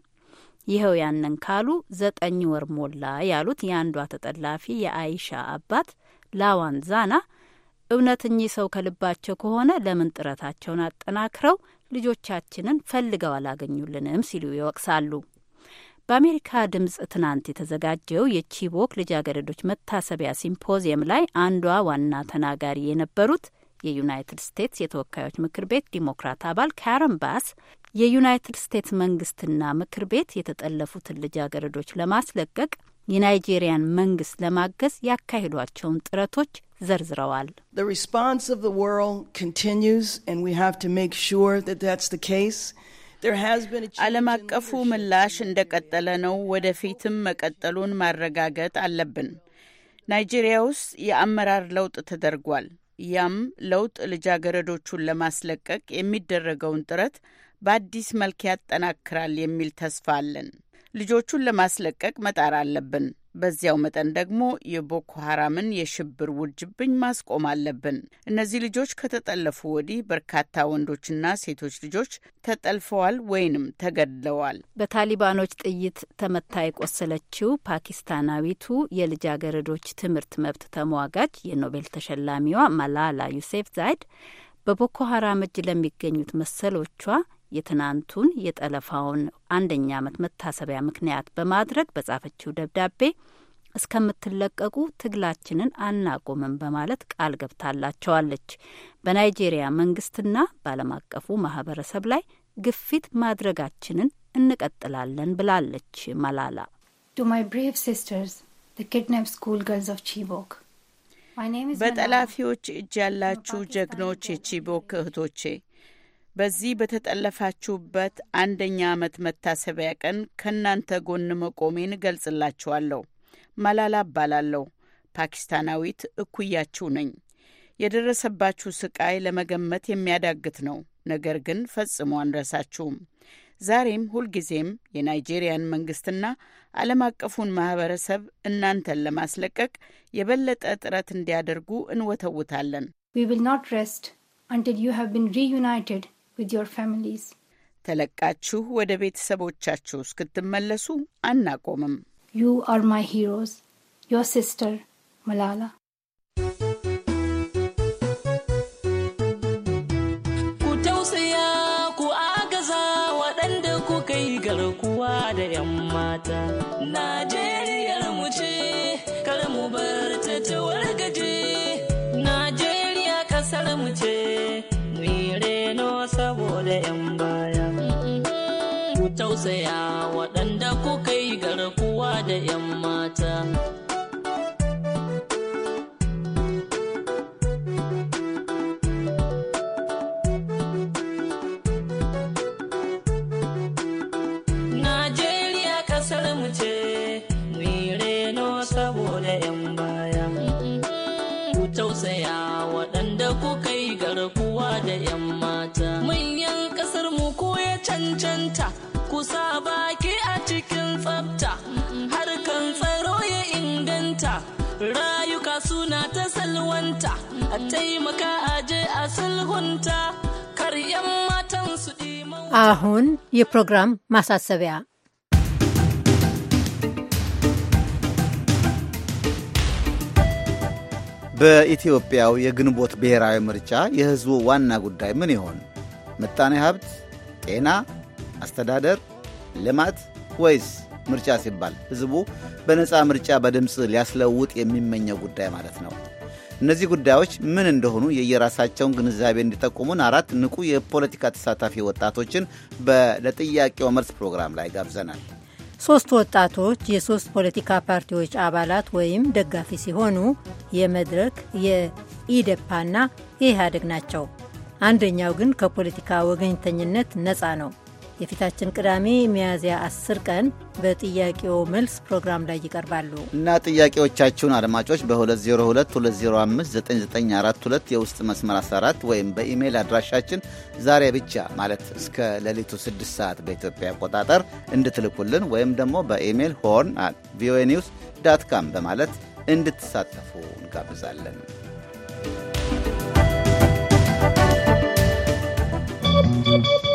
[SPEAKER 6] ይኸው ያንን ካሉ ዘጠኝ ወር ሞላ ያሉት የአንዷ ተጠላፊ የአይሻ አባት ላዋን ዛና እውነት እኚህ ሰው ከልባቸው ከሆነ ለምን ጥረታቸውን አጠናክረው ልጆቻችንን ፈልገው አላገኙልንም ሲሉ ይወቅሳሉ። በአሜሪካ ድምጽ ትናንት የተዘጋጀው የቺቦክ ልጃገረዶች መታሰቢያ ሲምፖዚየም ላይ አንዷ ዋና ተናጋሪ የነበሩት የዩናይትድ ስቴትስ የተወካዮች ምክር ቤት ዲሞክራት አባል ካረን ባስ የዩናይትድ ስቴትስ መንግስትና ምክር ቤት የተጠለፉትን ልጃገረዶች ለማስለቀቅ የናይጄሪያን መንግስት ለማገዝ ያካሂዷቸውን ጥረቶች ዘርዝረዋል። ዓለም አቀፉ
[SPEAKER 1] ምላሽ እንደቀጠለ ነው። ወደፊትም መቀጠሉን ማረጋገጥ አለብን። ናይጄሪያ ውስጥ የአመራር ለውጥ ተደርጓል። ያም ለውጥ ልጃገረዶቹን ለማስለቀቅ የሚደረገውን ጥረት በአዲስ መልክ ያጠናክራል የሚል ተስፋ አለን። ልጆቹን ለማስለቀቅ መጣር አለብን። በዚያው መጠን ደግሞ የቦኮ ሀራምን የሽብር ውጅብኝ ማስቆም አለብን። እነዚህ ልጆች ከተጠለፉ ወዲህ በርካታ ወንዶችና ሴቶች ልጆች ተጠልፈዋል ወይንም ተገድለዋል።
[SPEAKER 6] በታሊባኖች ጥይት ተመታ የቆሰለችው ፓኪስታናዊቱ የልጃገረዶች ትምህርት መብት ተሟጋች የኖቤል ተሸላሚዋ ማላላ ዩሴፍ ዛይድ በቦኮ ሀራም እጅ ለሚገኙት መሰሎቿ የትናንቱን የጠለፋውን አንደኛ ዓመት መታሰቢያ ምክንያት በማድረግ በጻፈችው ደብዳቤ እስከምትለቀቁ ትግላችንን አናቆምም በማለት ቃል ገብታላቸዋለች። በናይጄሪያ መንግስትና በዓለም አቀፉ ማህበረሰብ ላይ ግፊት ማድረጋችንን እንቀጥላለን ብላለች። ማላላ
[SPEAKER 4] ቱ ማይ ብሬቭ ሲስተርስ ኪድናፕ ስኩል ገርልስ ኦፍ ቺቦክ
[SPEAKER 1] በጠላፊዎች እጅ ያላችሁ ጀግኖች የቺቦክ እህቶቼ በዚህ በተጠለፋችሁበት አንደኛ ዓመት መታሰቢያ ቀን ከእናንተ ጎን መቆሜን እገልጽላችኋለሁ። መላላ እባላለሁ። ፓኪስታናዊት እኩያችሁ ነኝ። የደረሰባችሁ ስቃይ ለመገመት የሚያዳግት ነው። ነገር ግን ፈጽሞ አንረሳችሁም። ዛሬም ሁልጊዜም የናይጄሪያን መንግስትና ዓለም አቀፉን ማህበረሰብ እናንተን ለማስለቀቅ የበለጠ ጥረት እንዲያደርጉ እንወተውታለን። We
[SPEAKER 4] will not rest until
[SPEAKER 1] ተለቃችሁ ወደ ቤተሰቦቻችሁ እስክትመለሱ
[SPEAKER 6] አናቆምም።
[SPEAKER 4] ዩ አር ማይ ሂሮስ ዮር ሲስተር መላላ አሁን የፕሮግራም ማሳሰቢያ
[SPEAKER 3] በኢትዮጵያው የግንቦት ብሔራዊ ምርጫ የሕዝቡ ዋና ጉዳይ ምን ይሆን? ምጣኔ ሀብት፣ ጤና፣ አስተዳደር፣ ልማት ወይስ ምርጫ ሲባል ሕዝቡ በነፃ ምርጫ በድምፅ ሊያስለውጥ የሚመኘው ጉዳይ ማለት ነው። እነዚህ ጉዳዮች ምን እንደሆኑ የየራሳቸውን ግንዛቤ እንዲጠቁሙን አራት ንቁ የፖለቲካ ተሳታፊ ወጣቶችን ለጥያቄው መልስ ፕሮግራም ላይ ጋብዘናል።
[SPEAKER 4] ሶስት ወጣቶች የሶስት ፖለቲካ ፓርቲዎች አባላት ወይም ደጋፊ ሲሆኑ የመድረክ የኢዴፓና የኢህአዴግ ናቸው። አንደኛው ግን ከፖለቲካ ወገኝተኝነት ነፃ ነው። የፊታችን ቅዳሜ ሚያዝያ 10 ቀን በጥያቄው መልስ ፕሮግራም ላይ ይቀርባሉ
[SPEAKER 3] እና ጥያቄዎቻችሁን አድማጮች በ2022059942 የውስጥ መስመር 14 ወይም በኢሜይል አድራሻችን ዛሬ ብቻ ማለት እስከ ሌሊቱ 6 ሰዓት በኢትዮጵያ አቆጣጠር እንድትልኩልን ወይም ደግሞ በኢሜይል ሆርን አት ቪኦኤ ኒውስ ዳት ካም በማለት እንድትሳተፉ እንጋብዛለን። Thank you.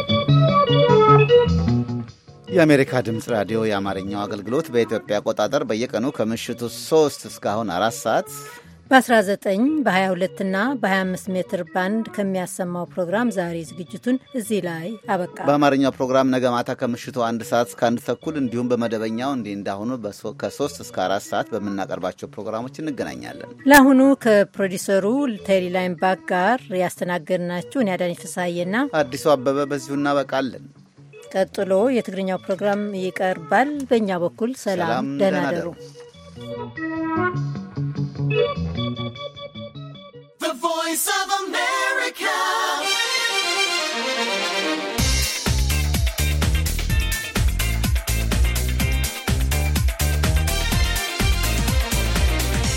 [SPEAKER 3] የአሜሪካ ድምፅ ራዲዮ የአማርኛው አገልግሎት በኢትዮጵያ አቆጣጠር በየቀኑ ከምሽቱ 3 እስካሁን አራት ሰዓት
[SPEAKER 4] በ19 በ22 እና በ25 ሜትር ባንድ ከሚያሰማው ፕሮግራም ዛሬ ዝግጅቱን እዚህ ላይ አበቃ።
[SPEAKER 3] በአማርኛው ፕሮግራም ነገ ማታ ከምሽቱ አንድ ሰዓት እስከ አንድ ተኩል እንዲሁም በመደበኛው እንዲህ እንዳሁኑ ከ3 እስከ አራት ሰዓት በምናቀርባቸው ፕሮግራሞች እንገናኛለን።
[SPEAKER 4] ለአሁኑ ከፕሮዲሰሩ ቴሪ ባክ ጋር ያስተናገድናችሁ እኔ አዳነች ፍስሐዬና
[SPEAKER 3] አዲሱ አበበ በዚሁ እናበቃለን።
[SPEAKER 4] ቀጥሎ የትግርኛው ፕሮግራም ይቀርባል። በእኛ በኩል ሰላም፣ ደህና ደሩ።